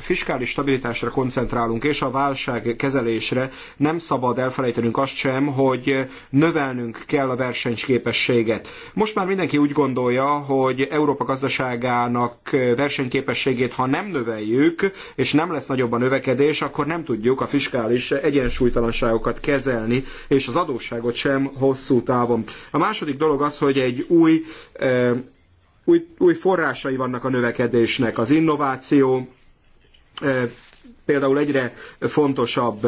fiskális stabilitásra koncentrálunk, és a válság kezelésre nem szabad elfelejtenünk azt sem, hogy növelnünk kell a versenyképességet. Most már mindenki úgy gondolja, hogy Európa gazdaságának versenyképességét, ha nem növeljük, és nem lesz nagyobb a növekedés, akkor nem tudjuk a fiskális egyensúlytalanságokat kezelni, és az adósságot sem hosszú távon. A második dolog az, hogy egy új eh, új, új forrásai vannak a növekedésnek, az innováció, például egyre fontosabb.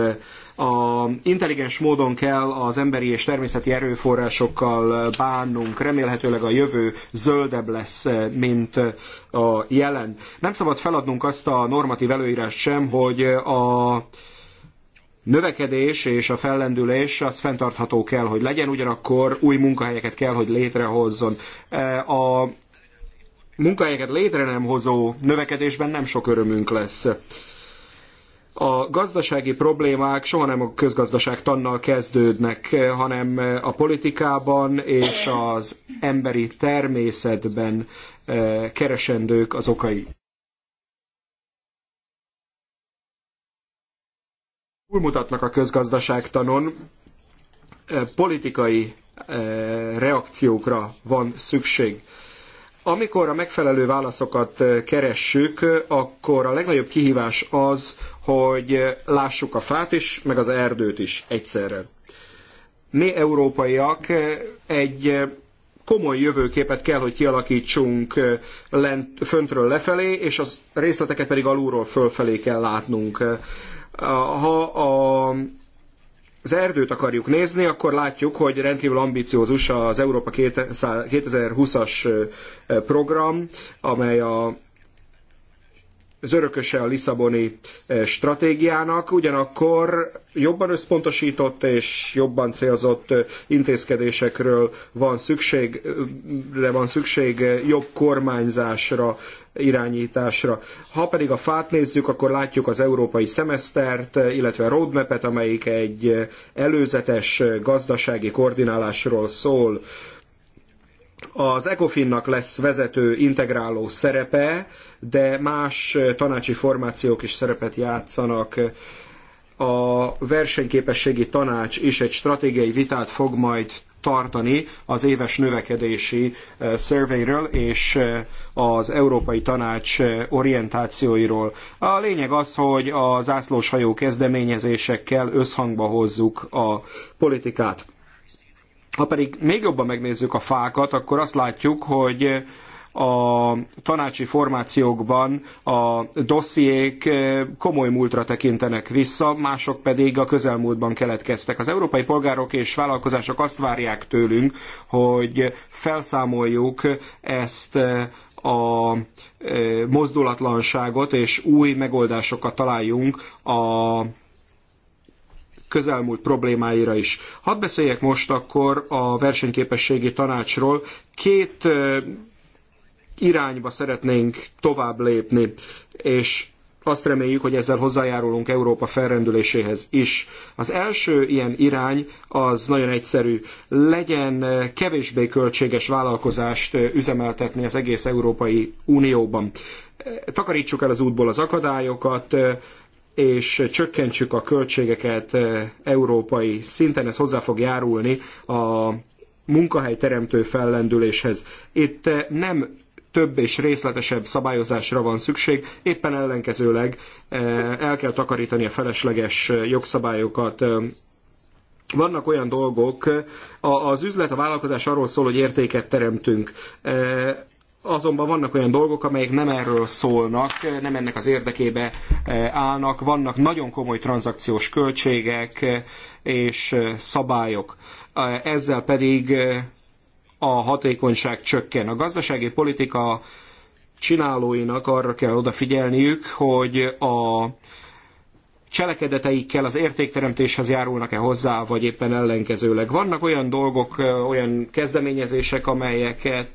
A intelligens módon kell az emberi és természeti erőforrásokkal bánnunk. Remélhetőleg a jövő zöldebb lesz, mint a jelen. Nem szabad feladnunk azt a normatív előírást sem, hogy a növekedés és a fellendülés az fenntartható kell, hogy legyen, ugyanakkor új munkahelyeket kell, hogy létrehozzon. A munkahelyeket létre nem hozó növekedésben nem sok örömünk lesz. A gazdasági problémák soha nem a közgazdaság tannal kezdődnek, hanem a politikában és az emberi természetben eh, keresendők az okai. túlmutatnak a közgazdaságtanon, eh, politikai eh, reakciókra van szükség. Amikor a megfelelő válaszokat keressük, akkor a legnagyobb kihívás az, hogy lássuk a fát is, meg az erdőt is egyszerre. Mi európaiak egy komoly jövőképet kell, hogy kialakítsunk lent, föntről lefelé, és az részleteket pedig alulról fölfelé kell látnunk. Ha a az erdőt akarjuk nézni, akkor látjuk, hogy rendkívül ambiciózus az Európa 2020-as program, amely a az örököse a Lisszaboni eh, stratégiának, ugyanakkor jobban összpontosított és jobban célzott eh, intézkedésekről van szükség, eh, de van szükség jobb kormányzásra, irányításra. Ha pedig a fát nézzük, akkor látjuk az európai szemesztert, illetve a et amelyik egy előzetes gazdasági koordinálásról szól az ECOFIN-nak lesz vezető, integráló szerepe, de más tanácsi formációk is szerepet játszanak. A versenyképességi tanács is egy stratégiai vitát fog majd tartani az éves növekedési eh, surveyről és eh, az Európai Tanács eh, orientációiról. A lényeg az, hogy a zászlóshajó kezdeményezésekkel összhangba hozzuk a politikát. Ha pedig még jobban megnézzük a fákat, akkor azt látjuk, hogy a tanácsi formációkban a dossziék komoly múltra tekintenek vissza, mások pedig a közelmúltban keletkeztek. Az európai polgárok és vállalkozások azt várják tőlünk, hogy felszámoljuk ezt a e, mozdulatlanságot, és új megoldásokat találjunk a közelmúlt problémáira is. Hadd beszéljek most akkor a versenyképességi tanácsról. Két irányba szeretnénk tovább lépni, és azt reméljük, hogy ezzel hozzájárulunk Európa felrendüléséhez is. Az első ilyen irány az nagyon egyszerű. Legyen kevésbé költséges vállalkozást üzemeltetni az egész Európai Unióban. Takarítsuk el az útból az akadályokat, és csökkentsük a költségeket eh, európai szinten, ez hozzá fog járulni a munkahelyteremtő fellendüléshez. Itt eh, nem több és részletesebb szabályozásra van szükség, éppen ellenkezőleg eh, el kell takarítani a felesleges jogszabályokat. Vannak olyan dolgok, az üzlet, a vállalkozás arról szól, hogy értéket teremtünk Azonban vannak olyan dolgok, amelyek nem erről szólnak, nem ennek az érdekébe eh, állnak, vannak nagyon komoly tranzakciós költségek eh, és eh, szabályok. Ezzel pedig a hatékonyság csökken. A gazdasági politika csinálóinak arra kell odafigyelniük, hogy a cselekedeteikkel az értékteremtéshez járulnak-e hozzá, vagy éppen ellenkezőleg. Vannak olyan dolgok, olyan kezdeményezések, amelyeket,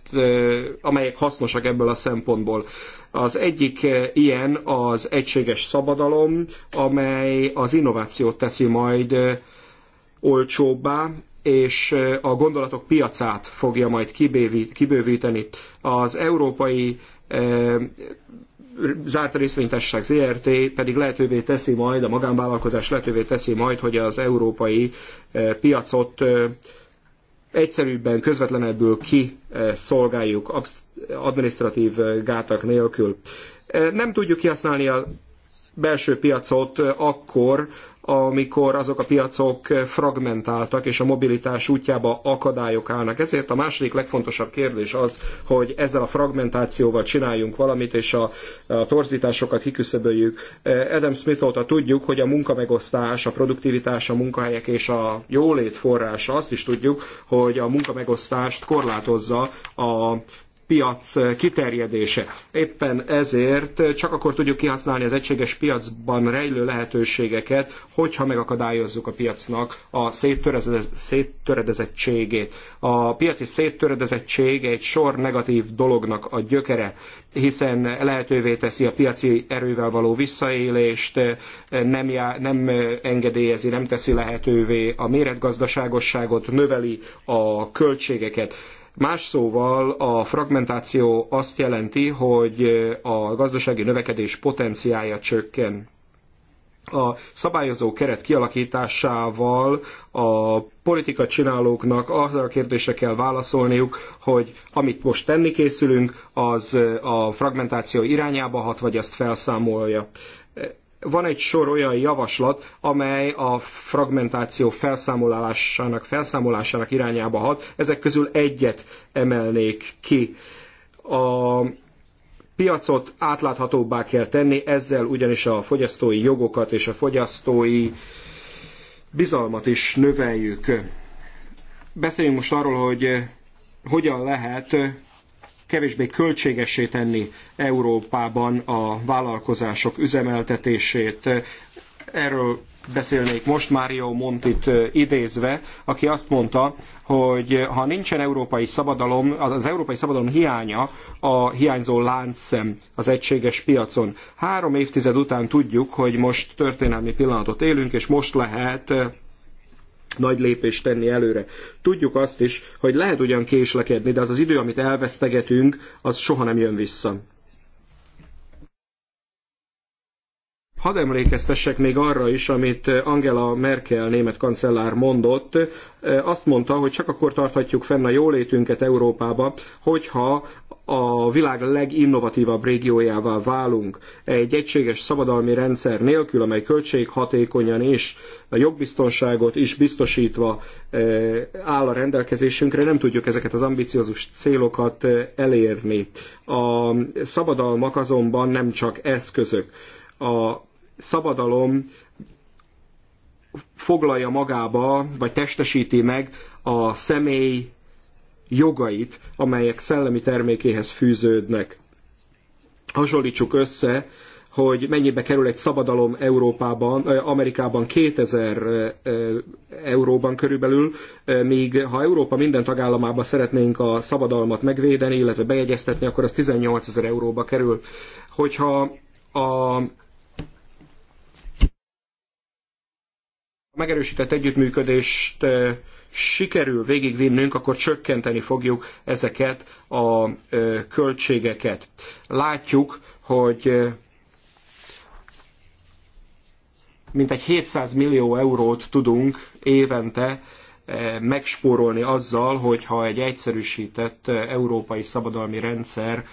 amelyek hasznosak ebből a szempontból. Az egyik ilyen az egységes szabadalom, amely az innovációt teszi majd olcsóbbá, és a gondolatok piacát fogja majd kibővíteni. Az európai zárt részvénytársaság ZRT pedig lehetővé teszi majd, a magánvállalkozás lehetővé teszi majd, hogy az európai eh, piacot eh, egyszerűbben, közvetlenebbül kiszolgáljuk eh, administratív gátak nélkül. Nem tudjuk kihasználni a belső piacot akkor, amikor azok a piacok fragmentáltak, és a mobilitás útjába akadályok állnak. Ezért a második legfontosabb kérdés az, hogy ezzel a fragmentációval csináljunk valamit, és a, a torzításokat kiküszöböljük. E, Adam Smith óta tudjuk, hogy a munkamegosztás, a produktivitás, a munkahelyek és a jólét forrása, azt is tudjuk, hogy a munkamegosztást korlátozza a piac kiterjedése. Éppen ezért csak akkor tudjuk kihasználni az egységes piacban rejlő lehetőségeket, hogyha megakadályozzuk a piacnak a széttöredezettségét. A piaci széttöredezettség egy sor negatív dolognak a gyökere, hiszen lehetővé teszi a piaci erővel való visszaélést, nem, já, nem engedélyezi, nem teszi lehetővé a méretgazdaságosságot, növeli a költségeket Más szóval a fragmentáció azt jelenti, hogy a gazdasági növekedés potenciája csökken. A szabályozó keret kialakításával a politika csinálóknak arra a kérdésre kell válaszolniuk, hogy amit most tenni készülünk, az a fragmentáció irányába hat, vagy azt felszámolja van egy sor olyan javaslat, amely a fragmentáció felszámolásának, felszámolásának irányába hat. Ezek közül egyet emelnék ki. A piacot átláthatóbbá kell tenni, ezzel ugyanis a fogyasztói jogokat és a fogyasztói bizalmat is növeljük. Beszéljünk most arról, hogy hogyan lehet kevésbé költségessé tenni Európában a vállalkozások üzemeltetését. Erről beszélnék most Mário Montit idézve, aki azt mondta, hogy ha nincsen európai szabadalom, az európai szabadalom hiánya a hiányzó láncszem az egységes piacon. Három évtized után tudjuk, hogy most történelmi pillanatot élünk, és most lehet nagy lépést tenni előre. Tudjuk azt is, hogy lehet ugyan késlekedni, de az az idő, amit elvesztegetünk, az soha nem jön vissza. Hadd emlékeztessek még arra is, amit Angela Merkel német kancellár mondott. Azt mondta, hogy csak akkor tarthatjuk fenn a jólétünket Európába, hogyha a világ leginnovatívabb régiójává válunk. Egy egységes szabadalmi rendszer nélkül, amely költséghatékonyan és a jogbiztonságot is biztosítva eh, áll a rendelkezésünkre, nem tudjuk ezeket az ambiciózus célokat eh, elérni. A szabadalmak azonban nem csak eszközök. A szabadalom foglalja magába, vagy testesíti meg a személy jogait, amelyek szellemi termékéhez fűződnek. Hasonlítsuk össze, hogy mennyibe kerül egy szabadalom Európában, Amerikában 2000 euróban körülbelül, míg ha Európa minden tagállamában szeretnénk a szabadalmat megvédeni, illetve bejegyeztetni, akkor az 18 ezer euróba kerül. Hogyha a megerősített együttműködést eh, sikerül végigvinnünk, akkor csökkenteni fogjuk ezeket a eh, költségeket. Látjuk, hogy eh, mintegy 700 millió eurót tudunk évente megspórolni azzal, hogyha egy egyszerűsített európai szabadalmi rendszer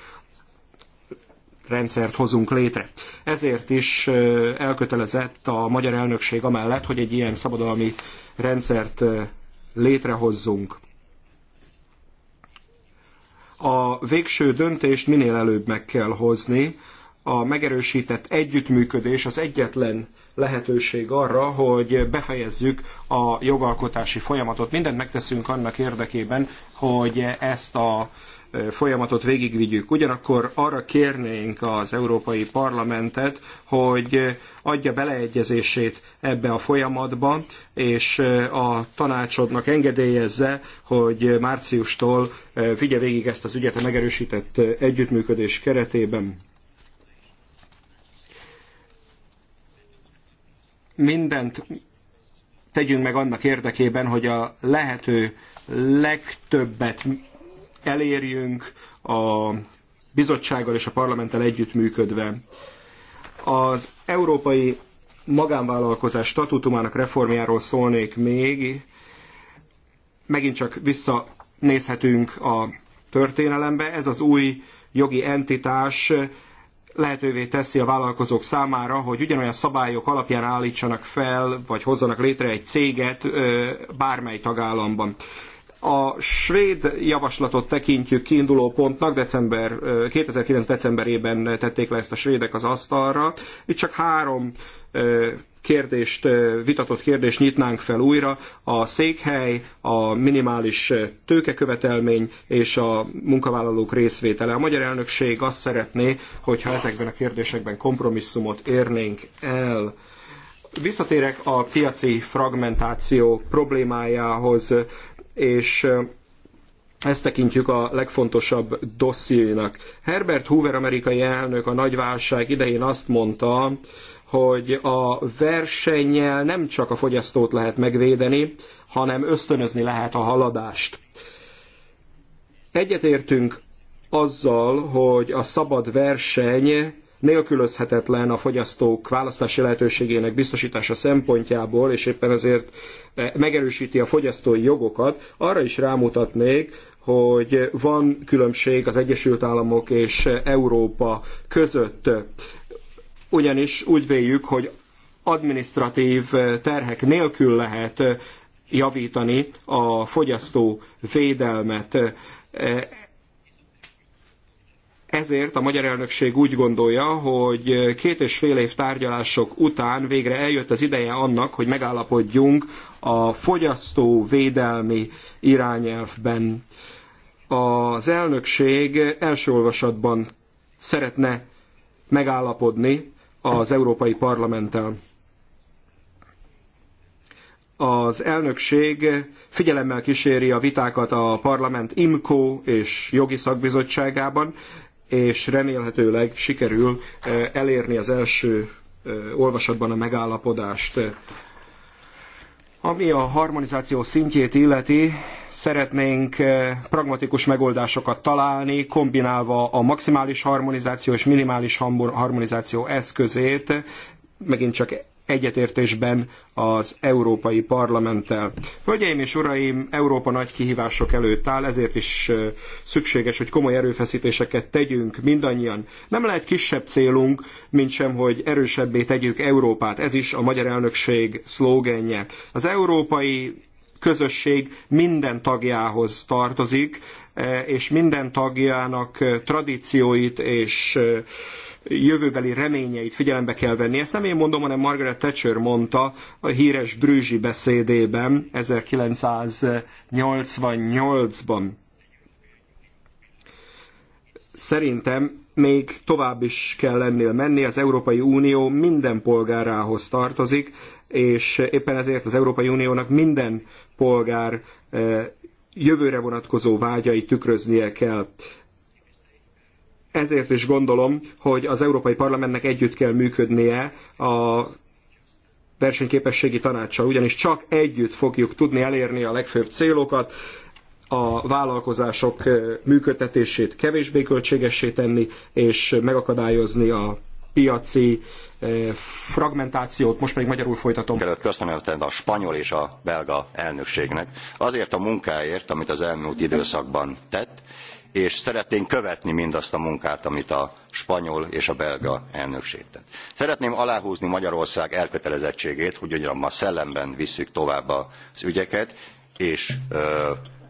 rendszert hozunk létre. Ezért is elkötelezett a magyar elnökség amellett, hogy egy ilyen szabadalmi rendszert létrehozzunk. A végső döntést minél előbb meg kell hozni. A megerősített együttműködés az egyetlen lehetőség arra, hogy befejezzük a jogalkotási folyamatot. Mindent megteszünk annak érdekében, hogy ezt a folyamatot végigvigyük. Ugyanakkor arra kérnénk az Európai Parlamentet, hogy adja beleegyezését ebbe a folyamatba, és a tanácsodnak engedélyezze, hogy márciustól vigye végig ezt az ügyet a megerősített együttműködés keretében. Mindent tegyünk meg annak érdekében, hogy a lehető legtöbbet elérjünk a bizottsággal és a parlamenttel együttműködve. Az európai magánvállalkozás statútumának reformjáról szólnék még. Megint csak visszanézhetünk a történelembe. Ez az új jogi entitás lehetővé teszi a vállalkozók számára, hogy ugyanolyan szabályok alapján állítsanak fel, vagy hozzanak létre egy céget bármely tagállamban. A svéd javaslatot tekintjük kiinduló pontnak, december, 2009. decemberében tették le ezt a svédek az asztalra. Itt csak három kérdést, vitatott kérdést nyitnánk fel újra, a székhely, a minimális tőkekövetelmény és a munkavállalók részvétele. A magyar elnökség azt szeretné, hogyha ezekben a kérdésekben kompromisszumot érnénk el. Visszatérek a piaci fragmentáció problémájához és ezt tekintjük a legfontosabb dossziénak. Herbert Hoover amerikai elnök a nagy válság idején azt mondta, hogy a versennyel nem csak a fogyasztót lehet megvédeni, hanem ösztönözni lehet a haladást. Egyetértünk azzal, hogy a szabad verseny nélkülözhetetlen a fogyasztók választási lehetőségének biztosítása szempontjából, és éppen ezért eh, megerősíti a fogyasztói jogokat. Arra is rámutatnék, hogy van különbség az Egyesült Államok és Európa között, ugyanis úgy véljük, hogy administratív eh, terhek nélkül lehet eh, javítani a fogyasztó védelmet ezért a magyar elnökség úgy gondolja, hogy két és fél év tárgyalások után végre eljött az ideje annak, hogy megállapodjunk a fogyasztóvédelmi irányelvben. Az elnökség első olvasatban szeretne megállapodni az Európai Parlamenttel. Az elnökség figyelemmel kíséri a vitákat a parlament IMCO és jogi szakbizottságában, és remélhetőleg sikerül eh, elérni az első eh, olvasatban a megállapodást. Ami a harmonizáció szintjét illeti, szeretnénk eh, pragmatikus megoldásokat találni, kombinálva a maximális harmonizáció és minimális harmonizáció eszközét, megint csak egyetértésben az Európai Parlamenttel. Hölgyeim és uraim, Európa nagy kihívások előtt áll, ezért is szükséges, hogy komoly erőfeszítéseket tegyünk mindannyian. Nem lehet kisebb célunk, mint sem, hogy erősebbé tegyük Európát. Ez is a magyar elnökség szlógenje. Az európai közösség minden tagjához tartozik, e, és minden tagjának e, tradícióit és e, jövőbeli reményeit figyelembe kell venni. Ezt nem én mondom, hanem Margaret Thatcher mondta a híres Brüzsi beszédében 1988-ban. Szerintem még tovább is kell lennél menni, az Európai Unió minden polgárához tartozik, és éppen ezért az Európai Uniónak minden polgár eh, jövőre vonatkozó vágyai tükröznie kell. Ezért is gondolom, hogy az Európai Parlamentnek együtt kell működnie a versenyképességi tanácsa, ugyanis csak együtt fogjuk tudni elérni a legfőbb célokat, a vállalkozások eh, működtetését kevésbé költségessé tenni, és megakadályozni a piaci eh, fragmentációt, most pedig magyarul folytatom. Előtt köszönöm a spanyol és a belga elnökségnek azért a munkáért, amit az elmúlt időszakban tett, és szeretnénk követni mindazt a munkát, amit a spanyol és a belga elnökség tett. Szeretném aláhúzni Magyarország elkötelezettségét, hogy ugyan ma szellemben visszük tovább az ügyeket, és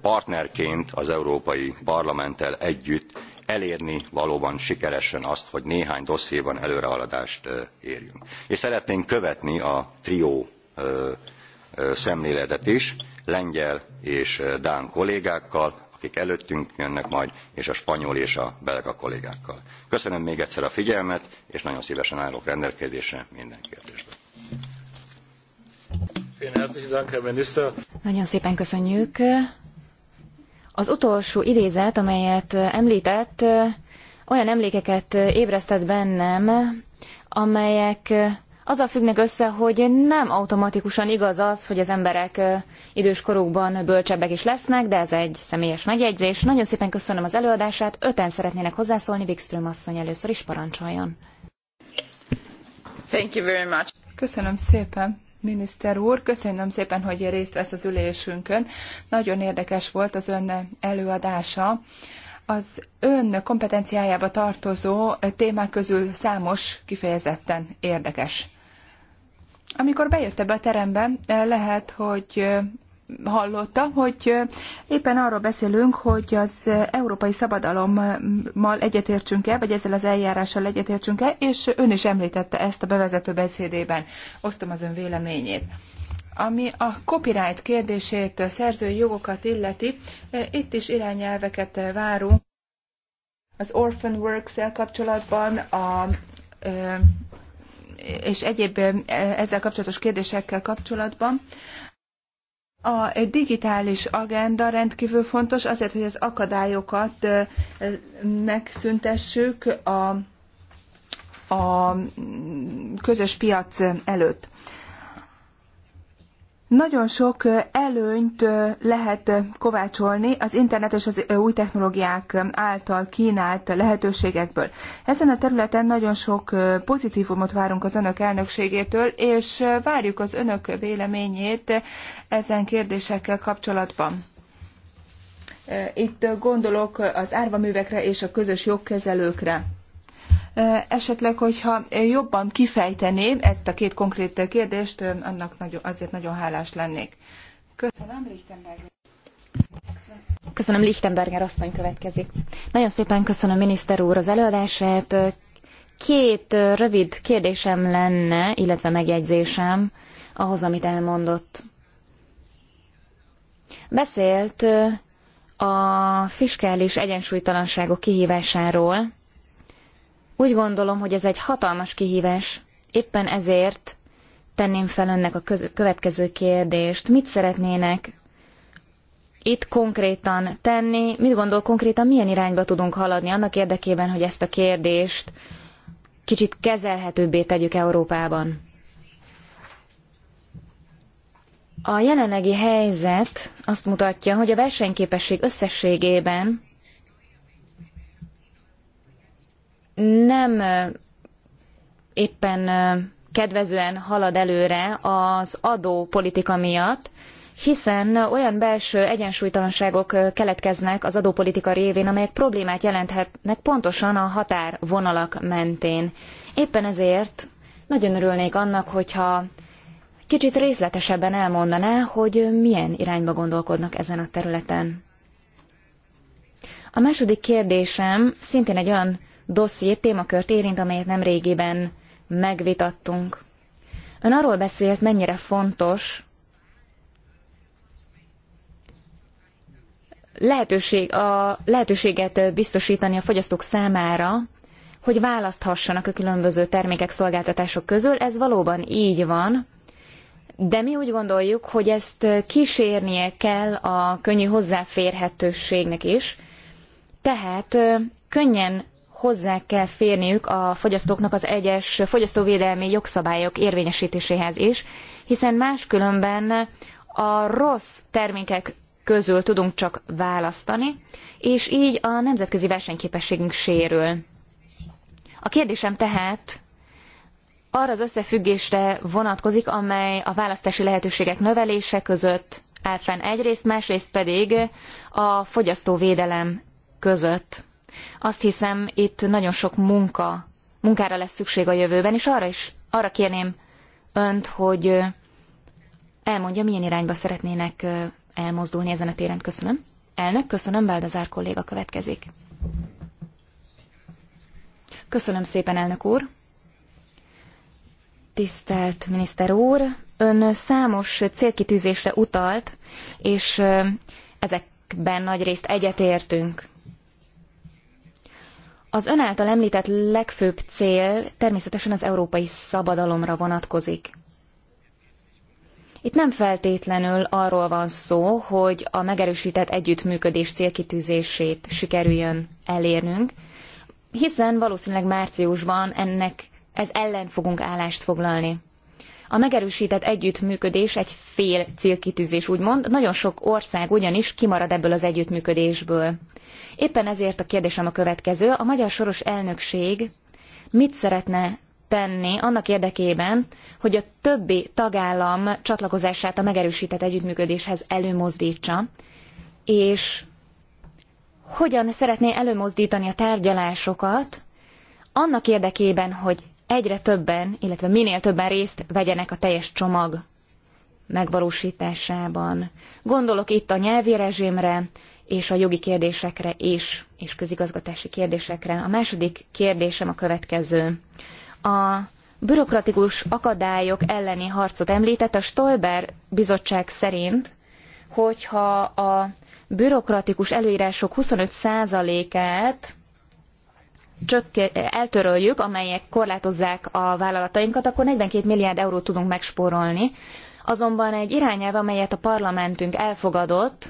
partnerként az Európai Parlamenttel együtt elérni valóban sikeresen azt, hogy néhány dossziéban előrehaladást érjünk. És szeretnénk követni a trió szemléletet is, lengyel és dán kollégákkal, akik előttünk jönnek majd, és a spanyol és a belga kollégákkal. Köszönöm még egyszer a figyelmet, és nagyon szívesen állok rendelkezésre minden kérdésben. Nagyon szépen köszönjük az utolsó idézet, amelyet említett, olyan emlékeket ébresztett bennem, amelyek azzal függnek össze, hogy nem automatikusan igaz az, hogy az emberek idős korukban bölcsebbek is lesznek, de ez egy személyes megjegyzés. Nagyon szépen köszönöm az előadását, öten szeretnének hozzászólni, Wikström asszony először is parancsoljon. Thank you very much. Köszönöm szépen. Miniszter úr, köszönöm szépen, hogy részt vesz az ülésünkön. Nagyon érdekes volt az ön előadása. Az ön kompetenciájába tartozó témák közül számos kifejezetten érdekes. Amikor bejött ebbe a terembe, lehet, hogy hallotta, hogy éppen arról beszélünk, hogy az európai szabadalommal egyetértsünk-e, vagy ezzel az eljárással egyetértsünk-e, és ön is említette ezt a bevezető beszédében. Osztom az ön véleményét. Ami a copyright kérdését, a szerzői jogokat illeti, itt is irányelveket várunk. Az Orphan Works-el kapcsolatban a és egyéb ezzel kapcsolatos kérdésekkel kapcsolatban. A digitális agenda rendkívül fontos azért, hogy az akadályokat megszüntessük a, a közös piac előtt. Nagyon sok előnyt lehet kovácsolni az internet és az új technológiák által kínált lehetőségekből. Ezen a területen nagyon sok pozitívumot várunk az önök elnökségétől, és várjuk az önök véleményét ezen kérdésekkel kapcsolatban. Itt gondolok az árvaművekre és a közös jogkezelőkre. Esetleg, hogyha jobban kifejteném ezt a két konkrét kérdést, annak nagyon, azért nagyon hálás lennék. Köszönöm, Lichtenberger. Köszönöm, Lichtenberger asszony következik. Nagyon szépen köszönöm, miniszter úr, az előadását. Két rövid kérdésem lenne, illetve megjegyzésem ahhoz, amit elmondott. Beszélt a fiskális egyensúlytalanságok kihívásáról, úgy gondolom, hogy ez egy hatalmas kihívás. Éppen ezért tenném fel önnek a következő kérdést. Mit szeretnének itt konkrétan tenni? Mit gondol konkrétan, milyen irányba tudunk haladni annak érdekében, hogy ezt a kérdést kicsit kezelhetőbbé tegyük Európában? A jelenlegi helyzet azt mutatja, hogy a versenyképesség összességében nem éppen kedvezően halad előre az adópolitika miatt, hiszen olyan belső egyensúlytalanságok keletkeznek az adópolitika révén, amelyek problémát jelenthetnek pontosan a határvonalak mentén. Éppen ezért nagyon örülnék annak, hogyha kicsit részletesebben elmondaná, hogy milyen irányba gondolkodnak ezen a területen. A második kérdésem szintén egy olyan dossziét, témakört érint, amelyet nem régiben megvitattunk. Ön arról beszélt, mennyire fontos lehetőség, a lehetőséget biztosítani a fogyasztók számára, hogy választhassanak a különböző termékek, szolgáltatások közül. Ez valóban így van, de mi úgy gondoljuk, hogy ezt kísérnie kell a könnyű hozzáférhetőségnek is, tehát könnyen hozzá kell férniük a fogyasztóknak az egyes fogyasztóvédelmi jogszabályok érvényesítéséhez is, hiszen máskülönben a rossz termékek közül tudunk csak választani, és így a nemzetközi versenyképességünk sérül. A kérdésem tehát arra az összefüggésre vonatkozik, amely a választási lehetőségek növelése között áll fenn egyrészt, másrészt pedig a fogyasztóvédelem között. Azt hiszem, itt nagyon sok munka, munkára lesz szükség a jövőben, és arra is, arra kérném önt, hogy elmondja, milyen irányba szeretnének elmozdulni ezen a téren. Köszönöm. Elnök, köszönöm, Beldazár kolléga következik. Köszönöm szépen, elnök úr. Tisztelt miniszter úr, ön számos célkitűzésre utalt, és ezekben nagy részt egyetértünk. Az ön által említett legfőbb cél természetesen az európai szabadalomra vonatkozik. Itt nem feltétlenül arról van szó, hogy a megerősített együttműködés célkitűzését sikerüljön elérnünk, hiszen valószínűleg márciusban ennek ez ellen fogunk állást foglalni. A megerősített együttműködés egy fél célkitűzés, úgymond. Nagyon sok ország ugyanis kimarad ebből az együttműködésből. Éppen ezért a kérdésem a következő. A magyar soros elnökség mit szeretne tenni annak érdekében, hogy a többi tagállam csatlakozását a megerősített együttműködéshez előmozdítsa, és hogyan szeretné előmozdítani a tárgyalásokat annak érdekében, hogy egyre többen, illetve minél többen részt vegyenek a teljes csomag megvalósításában. Gondolok itt a nyelvi rezsimre és a jogi kérdésekre is, és közigazgatási kérdésekre. A második kérdésem a következő. A bürokratikus akadályok elleni harcot említett a Stolber bizottság szerint, hogyha a bürokratikus előírások 25%-át eltöröljük, amelyek korlátozzák a vállalatainkat, akkor 42 milliárd eurót tudunk megspórolni. Azonban egy irányelv, amelyet a parlamentünk elfogadott,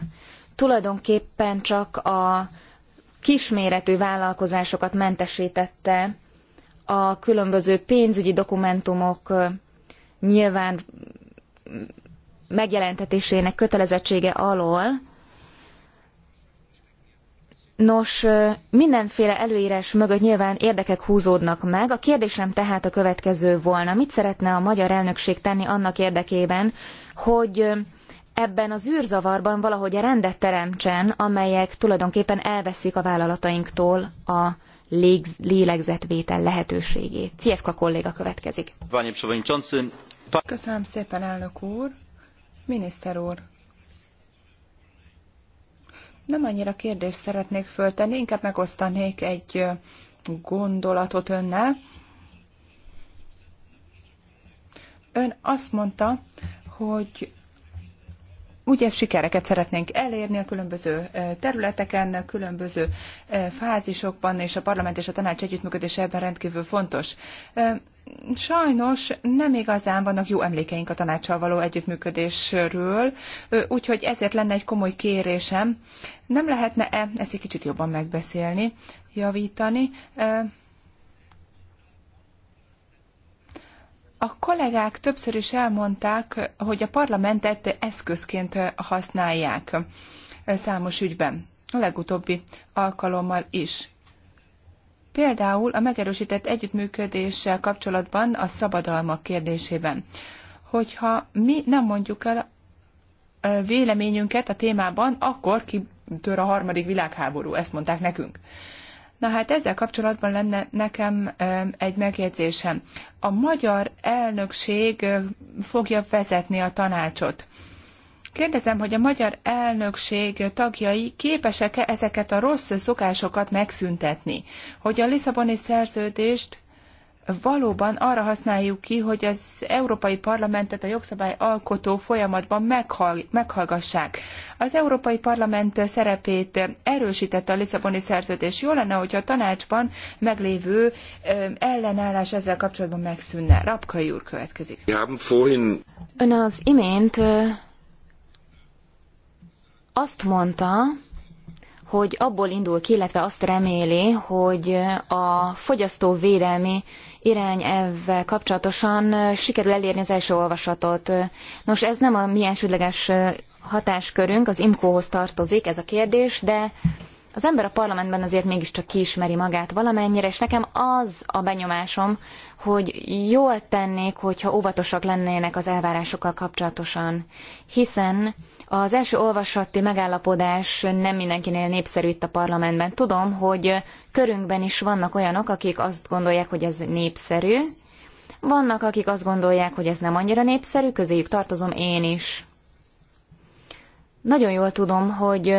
tulajdonképpen csak a kisméretű vállalkozásokat mentesítette a különböző pénzügyi dokumentumok nyilván megjelentetésének kötelezettsége alól, Nos, mindenféle előírás mögött nyilván érdekek húzódnak meg. A kérdésem tehát a következő volna. Mit szeretne a magyar elnökség tenni annak érdekében, hogy ebben az űrzavarban valahogy a rendet teremtsen, amelyek tulajdonképpen elveszik a vállalatainktól a légz- lélegzetvétel lehetőségét. Cievka kolléga következik. Köszönöm szépen, elnök úr. Miniszter úr, nem annyira kérdést szeretnék föltenni, inkább megosztanék egy gondolatot önnel. Ön azt mondta, hogy ugye sikereket szeretnénk elérni a különböző területeken, a különböző fázisokban, és a parlament és a tanács együttműködése ebben rendkívül fontos. Sajnos nem igazán vannak jó emlékeink a tanácssal való együttműködésről, úgyhogy ezért lenne egy komoly kérésem. Nem lehetne-e ezt egy kicsit jobban megbeszélni, javítani? A kollégák többször is elmondták, hogy a parlamentet eszközként használják számos ügyben, a legutóbbi alkalommal is. Például a megerősített együttműködéssel kapcsolatban a szabadalmak kérdésében. Hogyha mi nem mondjuk el véleményünket a témában, akkor kitör a harmadik világháború, ezt mondták nekünk. Na hát ezzel kapcsolatban lenne nekem egy megjegyzésem. A magyar elnökség fogja vezetni a tanácsot. Kérdezem, hogy a magyar elnökség tagjai képesek-e ezeket a rossz szokásokat megszüntetni, hogy a Lisszaboni szerződést valóban arra használjuk ki, hogy az Európai Parlamentet a jogszabály alkotó folyamatban meghall, meghallgassák. Az Európai Parlament szerepét erősítette a Lisszaboni szerződés. Jó lenne, hogyha a tanácsban meglévő ellenállás ezzel kapcsolatban megszűnne. Rapkai úr következik. Ön az imént azt mondta, hogy abból indul ki, illetve azt reméli, hogy a fogyasztóvédelmi irányelvvel kapcsolatosan sikerül elérni az első olvasatot. Nos, ez nem a mi elsődleges hatáskörünk, az IMCO-hoz tartozik ez a kérdés, de az ember a parlamentben azért mégiscsak kiismeri magát valamennyire, és nekem az a benyomásom, hogy jól tennék, hogyha óvatosak lennének az elvárásokkal kapcsolatosan, hiszen az első olvasati megállapodás nem mindenkinél népszerű itt a parlamentben. Tudom, hogy körünkben is vannak olyanok, akik azt gondolják, hogy ez népszerű. Vannak, akik azt gondolják, hogy ez nem annyira népszerű, közéjük tartozom én is. Nagyon jól tudom, hogy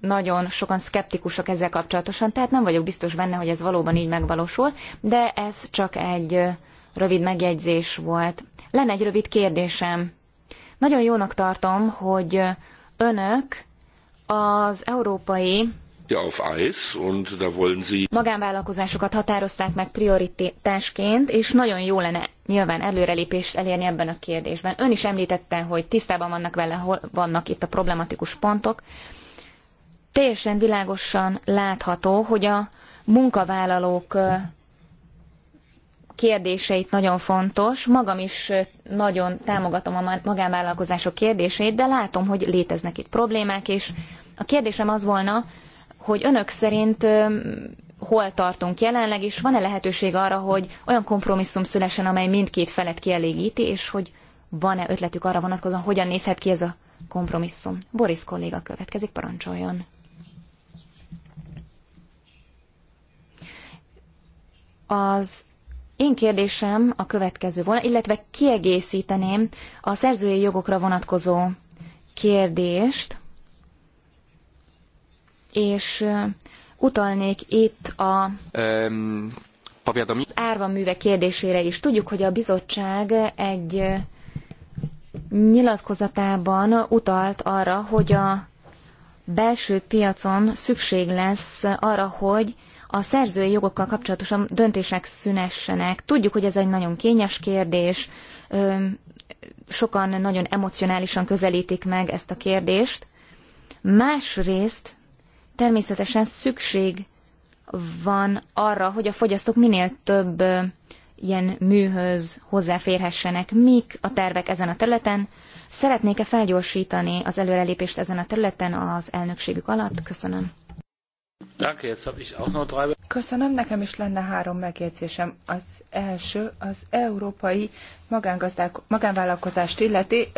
nagyon sokan szkeptikusak ezzel kapcsolatosan, tehát nem vagyok biztos benne, hogy ez valóban így megvalósul, de ez csak egy rövid megjegyzés volt. Lenne egy rövid kérdésem. Nagyon jónak tartom, hogy önök az európai magánvállalkozásokat határozták meg prioritásként, és nagyon jó lenne nyilván előrelépést elérni ebben a kérdésben. Ön is említette, hogy tisztában vannak vele, hol vannak itt a problematikus pontok. Teljesen világosan látható, hogy a munkavállalók kérdéseit nagyon fontos. Magam is nagyon támogatom a magánvállalkozások kérdését, de látom, hogy léteznek itt problémák, és a kérdésem az volna, hogy önök szerint hol tartunk jelenleg, és van-e lehetőség arra, hogy olyan kompromisszum szülessen, amely mindkét felet kielégíti, és hogy van-e ötletük arra vonatkozóan, hogyan nézhet ki ez a kompromisszum. Boris kolléga következik, parancsoljon. Az én kérdésem a következő volna, illetve kiegészíteném a szerzői jogokra vonatkozó kérdést, és uh, utalnék itt a um, az árva műve kérdésére is. Tudjuk, hogy a bizottság egy uh, nyilatkozatában utalt arra, hogy a belső piacon szükség lesz arra, hogy a szerzői jogokkal kapcsolatosan döntések szünessenek. Tudjuk, hogy ez egy nagyon kényes kérdés, sokan nagyon emocionálisan közelítik meg ezt a kérdést. Másrészt természetesen szükség van arra, hogy a fogyasztók minél több ilyen műhöz hozzáférhessenek. Mik a tervek ezen a területen? Szeretnék-e felgyorsítani az előrelépést ezen a területen az elnökségük alatt? Köszönöm. Köszönöm, nekem is lenne három megjegyzésem. Az első az európai magángazdák, magánvállalkozást illeti.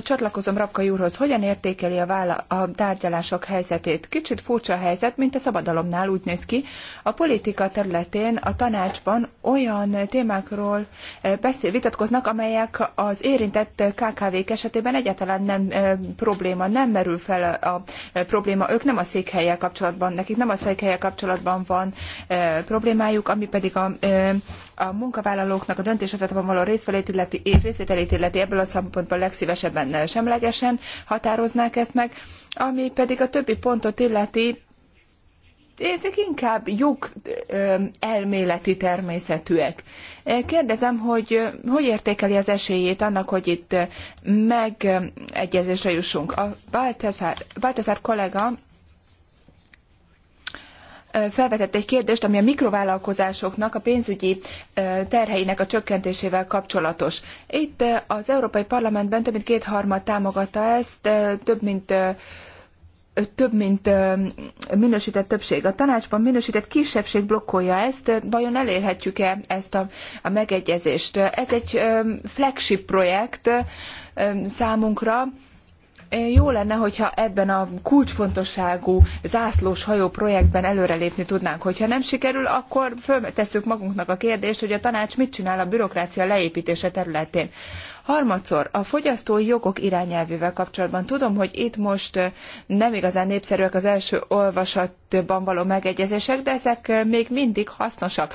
Csatlakozom Rabka úrhoz, hogyan értékeli a, vála- a tárgyalások helyzetét? Kicsit furcsa a helyzet, mint a szabadalomnál úgy néz ki. A politika területén, a tanácsban olyan témákról eh, beszél, vitatkoznak, amelyek az érintett KKV-k esetében egyáltalán nem e, probléma, nem merül fel a, a probléma. Ők nem a székhelyel kapcsolatban, nekik nem a székhelyel kapcsolatban van e, problémájuk, ami pedig a, e, a munkavállalóknak a döntéshozatban való részvételét illeti, részvételét illeti ebből a szempontból legszívesebben mindenképpen semlegesen határoznák ezt meg, ami pedig a többi pontot illeti, ezek inkább jog elméleti természetűek. Kérdezem, hogy hogy értékeli az esélyét annak, hogy itt megegyezésre jussunk. A Baltazár kollega felvetett egy kérdést, ami a mikrovállalkozásoknak a pénzügyi terheinek a csökkentésével kapcsolatos. Itt az Európai Parlamentben több mint kétharmad támogatta ezt, több mint több mint minősített többség. A tanácsban minősített kisebbség blokkolja ezt, vajon elérhetjük-e ezt a, a megegyezést? Ez egy flagship projekt számunkra, jó lenne, hogyha ebben a kulcsfontosságú zászlós hajó projektben előrelépni tudnánk. Hogyha nem sikerül, akkor föltesszük magunknak a kérdést, hogy a tanács mit csinál a bürokrácia leépítése területén. Harmadszor, a fogyasztói jogok irányelvével kapcsolatban tudom, hogy itt most nem igazán népszerűek az első olvasatban való megegyezések, de ezek még mindig hasznosak.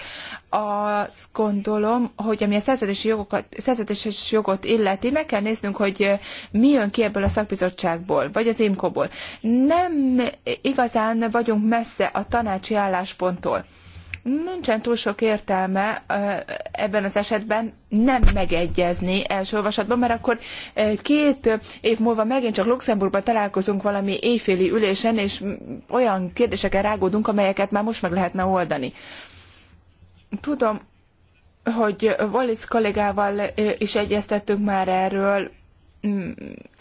Azt gondolom, hogy ami a szerződési, jogokat, szerződéses jogot illeti, meg kell néznünk, hogy mi jön ki ebből a szakbizottságból, vagy az imco ból Nem igazán vagyunk messze a tanácsi állásponttól nincsen túl sok értelme ebben az esetben nem megegyezni első olvasatban, mert akkor két év múlva megint csak Luxemburgban találkozunk valami éjféli ülésen, és olyan kérdéseken rágódunk, amelyeket már most meg lehetne oldani. Tudom, hogy Wallis kollégával is egyeztettünk már erről,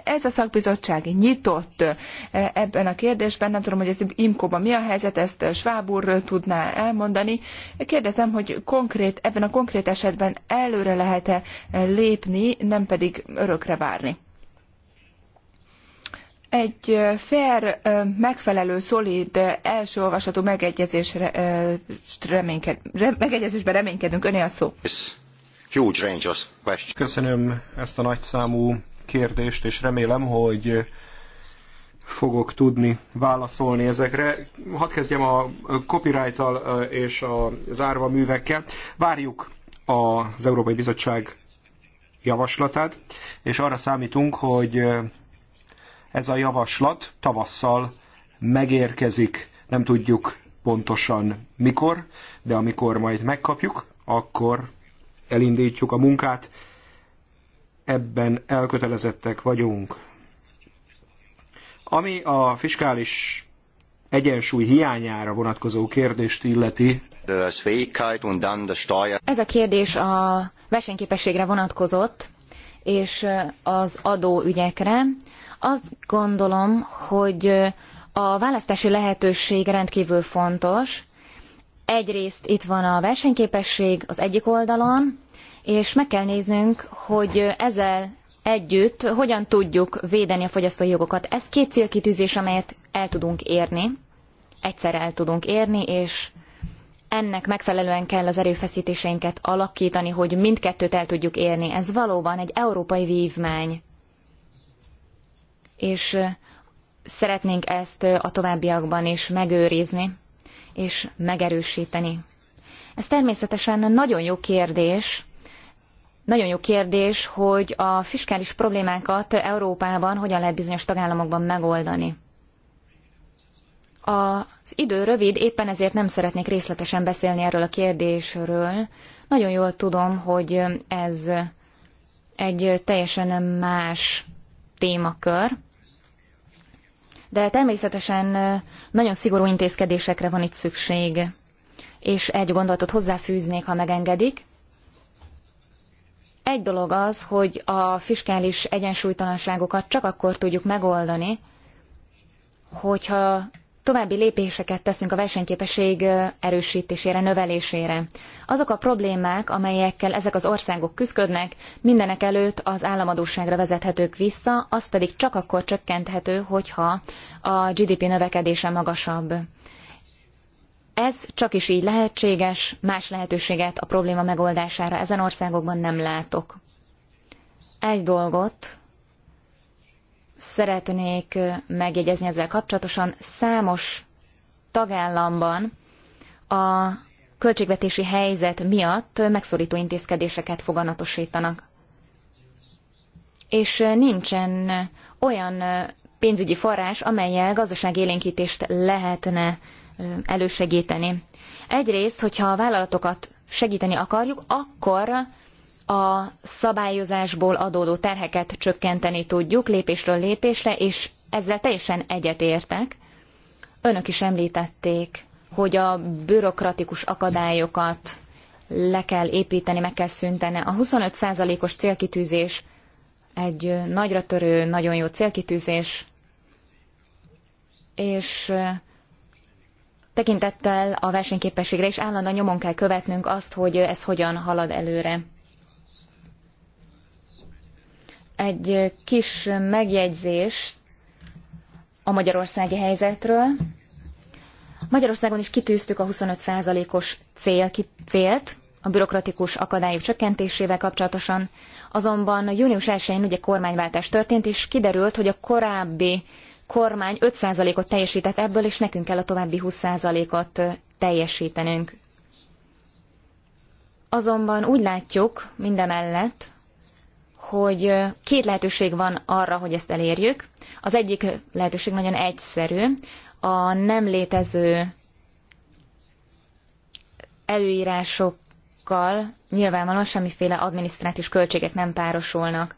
ez a szakbizottság nyitott eh, ebben a kérdésben, nem tudom, hogy ez Imkóban mi a helyzet, ezt Schwab úr tudná elmondani. Kérdezem, hogy konkrét, ebben a konkrét esetben előre lehet-e lépni, nem pedig örökre várni. Egy eh, fair, eh, megfelelő, szolid első olvasatú megegyezésben reménykedünk. Öné a szó. Köszönöm ezt a nagyszámú kérdést, és remélem, hogy fogok tudni válaszolni ezekre. Hadd kezdjem a copyright és a zárva művekkel. Várjuk az Európai Bizottság javaslatát, és arra számítunk, hogy ez a javaslat tavasszal megérkezik, nem tudjuk pontosan mikor, de amikor majd megkapjuk, akkor elindítjuk a munkát, ebben elkötelezettek vagyunk. Ami a fiskális egyensúly hiányára vonatkozó kérdést illeti. Ez a kérdés a versenyképességre vonatkozott, és az adóügyekre. Azt gondolom, hogy a választási lehetőség rendkívül fontos. Egyrészt itt van a versenyképesség az egyik oldalon, és meg kell néznünk, hogy ezzel együtt hogyan tudjuk védeni a fogyasztói jogokat. Ez két célkitűzés, amelyet el tudunk érni, egyszer el tudunk érni, és ennek megfelelően kell az erőfeszítéseinket alakítani, hogy mindkettőt el tudjuk érni. Ez valóban egy európai vívmány. És szeretnénk ezt a továbbiakban is megőrizni és megerősíteni. Ez természetesen nagyon jó kérdés, nagyon jó kérdés, hogy a fiskális problémákat Európában hogyan lehet bizonyos tagállamokban megoldani. Az idő rövid, éppen ezért nem szeretnék részletesen beszélni erről a kérdésről. Nagyon jól tudom, hogy ez egy teljesen más témakör, de természetesen nagyon szigorú intézkedésekre van itt szükség. És egy gondolatot hozzáfűznék, ha megengedik. Egy dolog az, hogy a fiskális egyensúlytalanságokat csak akkor tudjuk megoldani, hogyha további lépéseket teszünk a versenyképesség erősítésére, növelésére. Azok a problémák, amelyekkel ezek az országok küzdködnek, mindenek előtt az államadóságra vezethetők vissza, az pedig csak akkor csökkenthető, hogyha a GDP növekedése magasabb. Ez csak is így lehetséges, más lehetőséget a probléma megoldására ezen országokban nem látok. Egy dolgot szeretnék megjegyezni ezzel kapcsolatosan. Számos tagállamban a költségvetési helyzet miatt megszorító intézkedéseket foganatosítanak. És nincsen olyan pénzügyi forrás, amelyel gazdaságélénkítést lehetne elősegíteni. Egyrészt, hogyha a vállalatokat segíteni akarjuk, akkor a szabályozásból adódó terheket csökkenteni tudjuk lépésről lépésre, és ezzel teljesen egyetértek. Önök is említették, hogy a bürokratikus akadályokat le kell építeni, meg kell szünteni. A 25%-os célkitűzés egy nagyra törő, nagyon jó célkitűzés, és tekintettel a versenyképességre, és állandóan nyomon kell követnünk azt, hogy ez hogyan halad előre. Egy kis megjegyzés a magyarországi helyzetről. Magyarországon is kitűztük a 25%-os cél, célt a bürokratikus akadályok csökkentésével kapcsolatosan, azonban június 1-én ugye kormányváltás történt, és kiderült, hogy a korábbi kormány 5%-ot teljesített ebből, és nekünk kell a további 20%-ot teljesítenünk. Azonban úgy látjuk mindemellett, hogy két lehetőség van arra, hogy ezt elérjük. Az egyik lehetőség nagyon egyszerű, a nem létező előírásokkal nyilvánvalóan semmiféle adminisztrátív költségek nem párosulnak.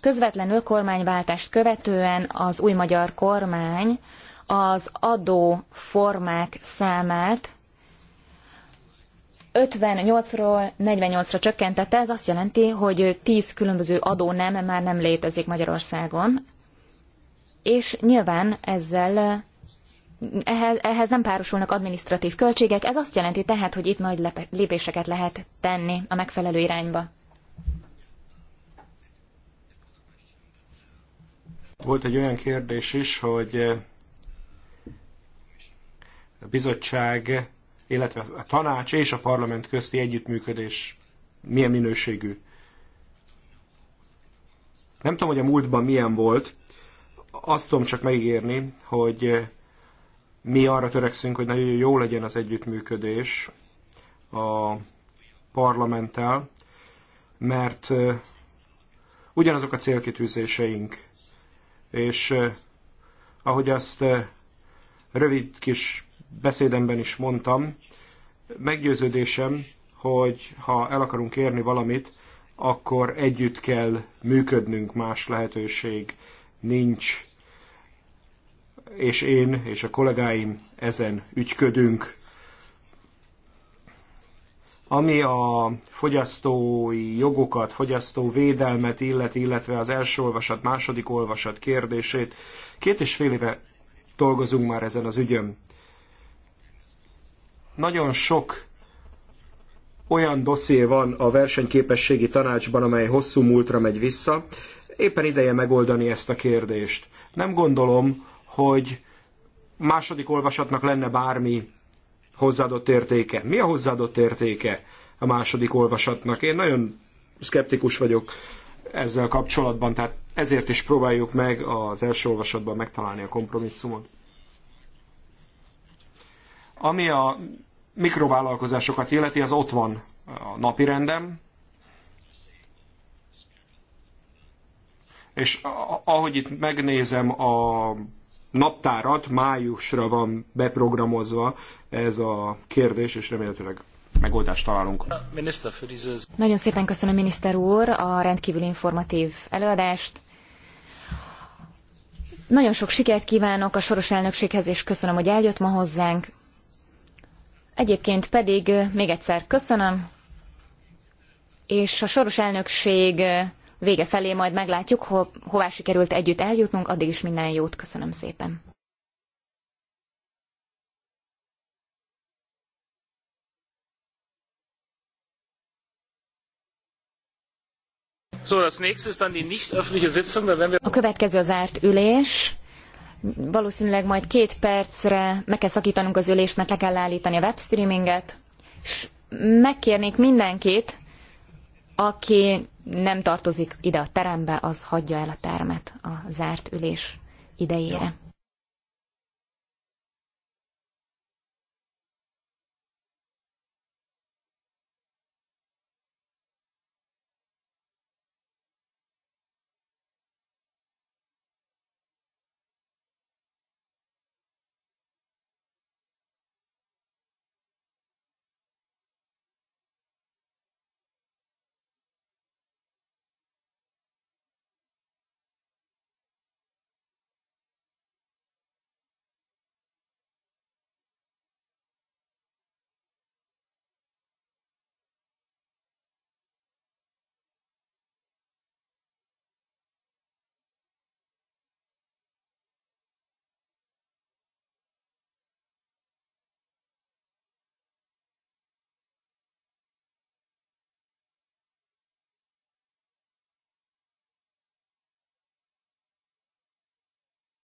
Közvetlenül kormányváltást követően az új magyar kormány az adóformák számát 58-ról 48-ra csökkentette, ez azt jelenti, hogy 10 különböző adónem már nem létezik Magyarországon, és nyilván ezzel ehhez nem párosulnak administratív költségek, ez azt jelenti tehát, hogy itt nagy lépéseket lehet tenni a megfelelő irányba. Volt egy olyan kérdés is, hogy eh, a bizottság, illetve a tanács és a parlament közti együttműködés milyen minőségű. Nem tudom, hogy a múltban milyen volt, azt tudom csak megígérni, hogy eh, mi arra törekszünk, hogy nagyon jó legyen az együttműködés a parlamenttel, mert eh, ugyanazok a célkitűzéseink és eh, ahogy azt eh, rövid kis beszédemben is mondtam, meggyőződésem, hogy ha el akarunk érni valamit, akkor együtt kell működnünk, más lehetőség nincs. És én és a kollégáim ezen ügyködünk. Ami a fogyasztói jogokat, fogyasztó védelmet illeti, illetve az első olvasat, második olvasat kérdését, két és fél éve dolgozunk már ezen az ügyön. Nagyon sok olyan dosszié van a versenyképességi tanácsban, amely hosszú múltra megy vissza. Éppen ideje megoldani ezt a kérdést. Nem gondolom, hogy második olvasatnak lenne bármi hozzáadott értéke. Mi a hozzáadott értéke a második olvasatnak? Én nagyon szkeptikus vagyok ezzel kapcsolatban, tehát ezért is próbáljuk meg az első olvasatban megtalálni a kompromisszumot. Ami a mikrovállalkozásokat illeti, az ott van a napi rendem, és ahogy itt megnézem a naptárat májusra van beprogramozva ez a kérdés, és remélhetőleg megoldást találunk. Nagyon szépen köszönöm, miniszter úr, a rendkívül informatív előadást. Nagyon sok sikert kívánok a soros elnökséghez, és köszönöm, hogy eljött ma hozzánk. Egyébként pedig még egyszer köszönöm, és a soros elnökség vége felé majd meglátjuk, ho- hová sikerült együtt eljutnunk, addig is minden jót, köszönöm szépen. A következő az zárt ülés. Valószínűleg majd két percre meg kell szakítanunk az ülést, mert le kell állítani a webstreaminget. És megkérnék mindenkit, aki nem tartozik ide a terembe, az hagyja el a termet a zárt ülés idejére.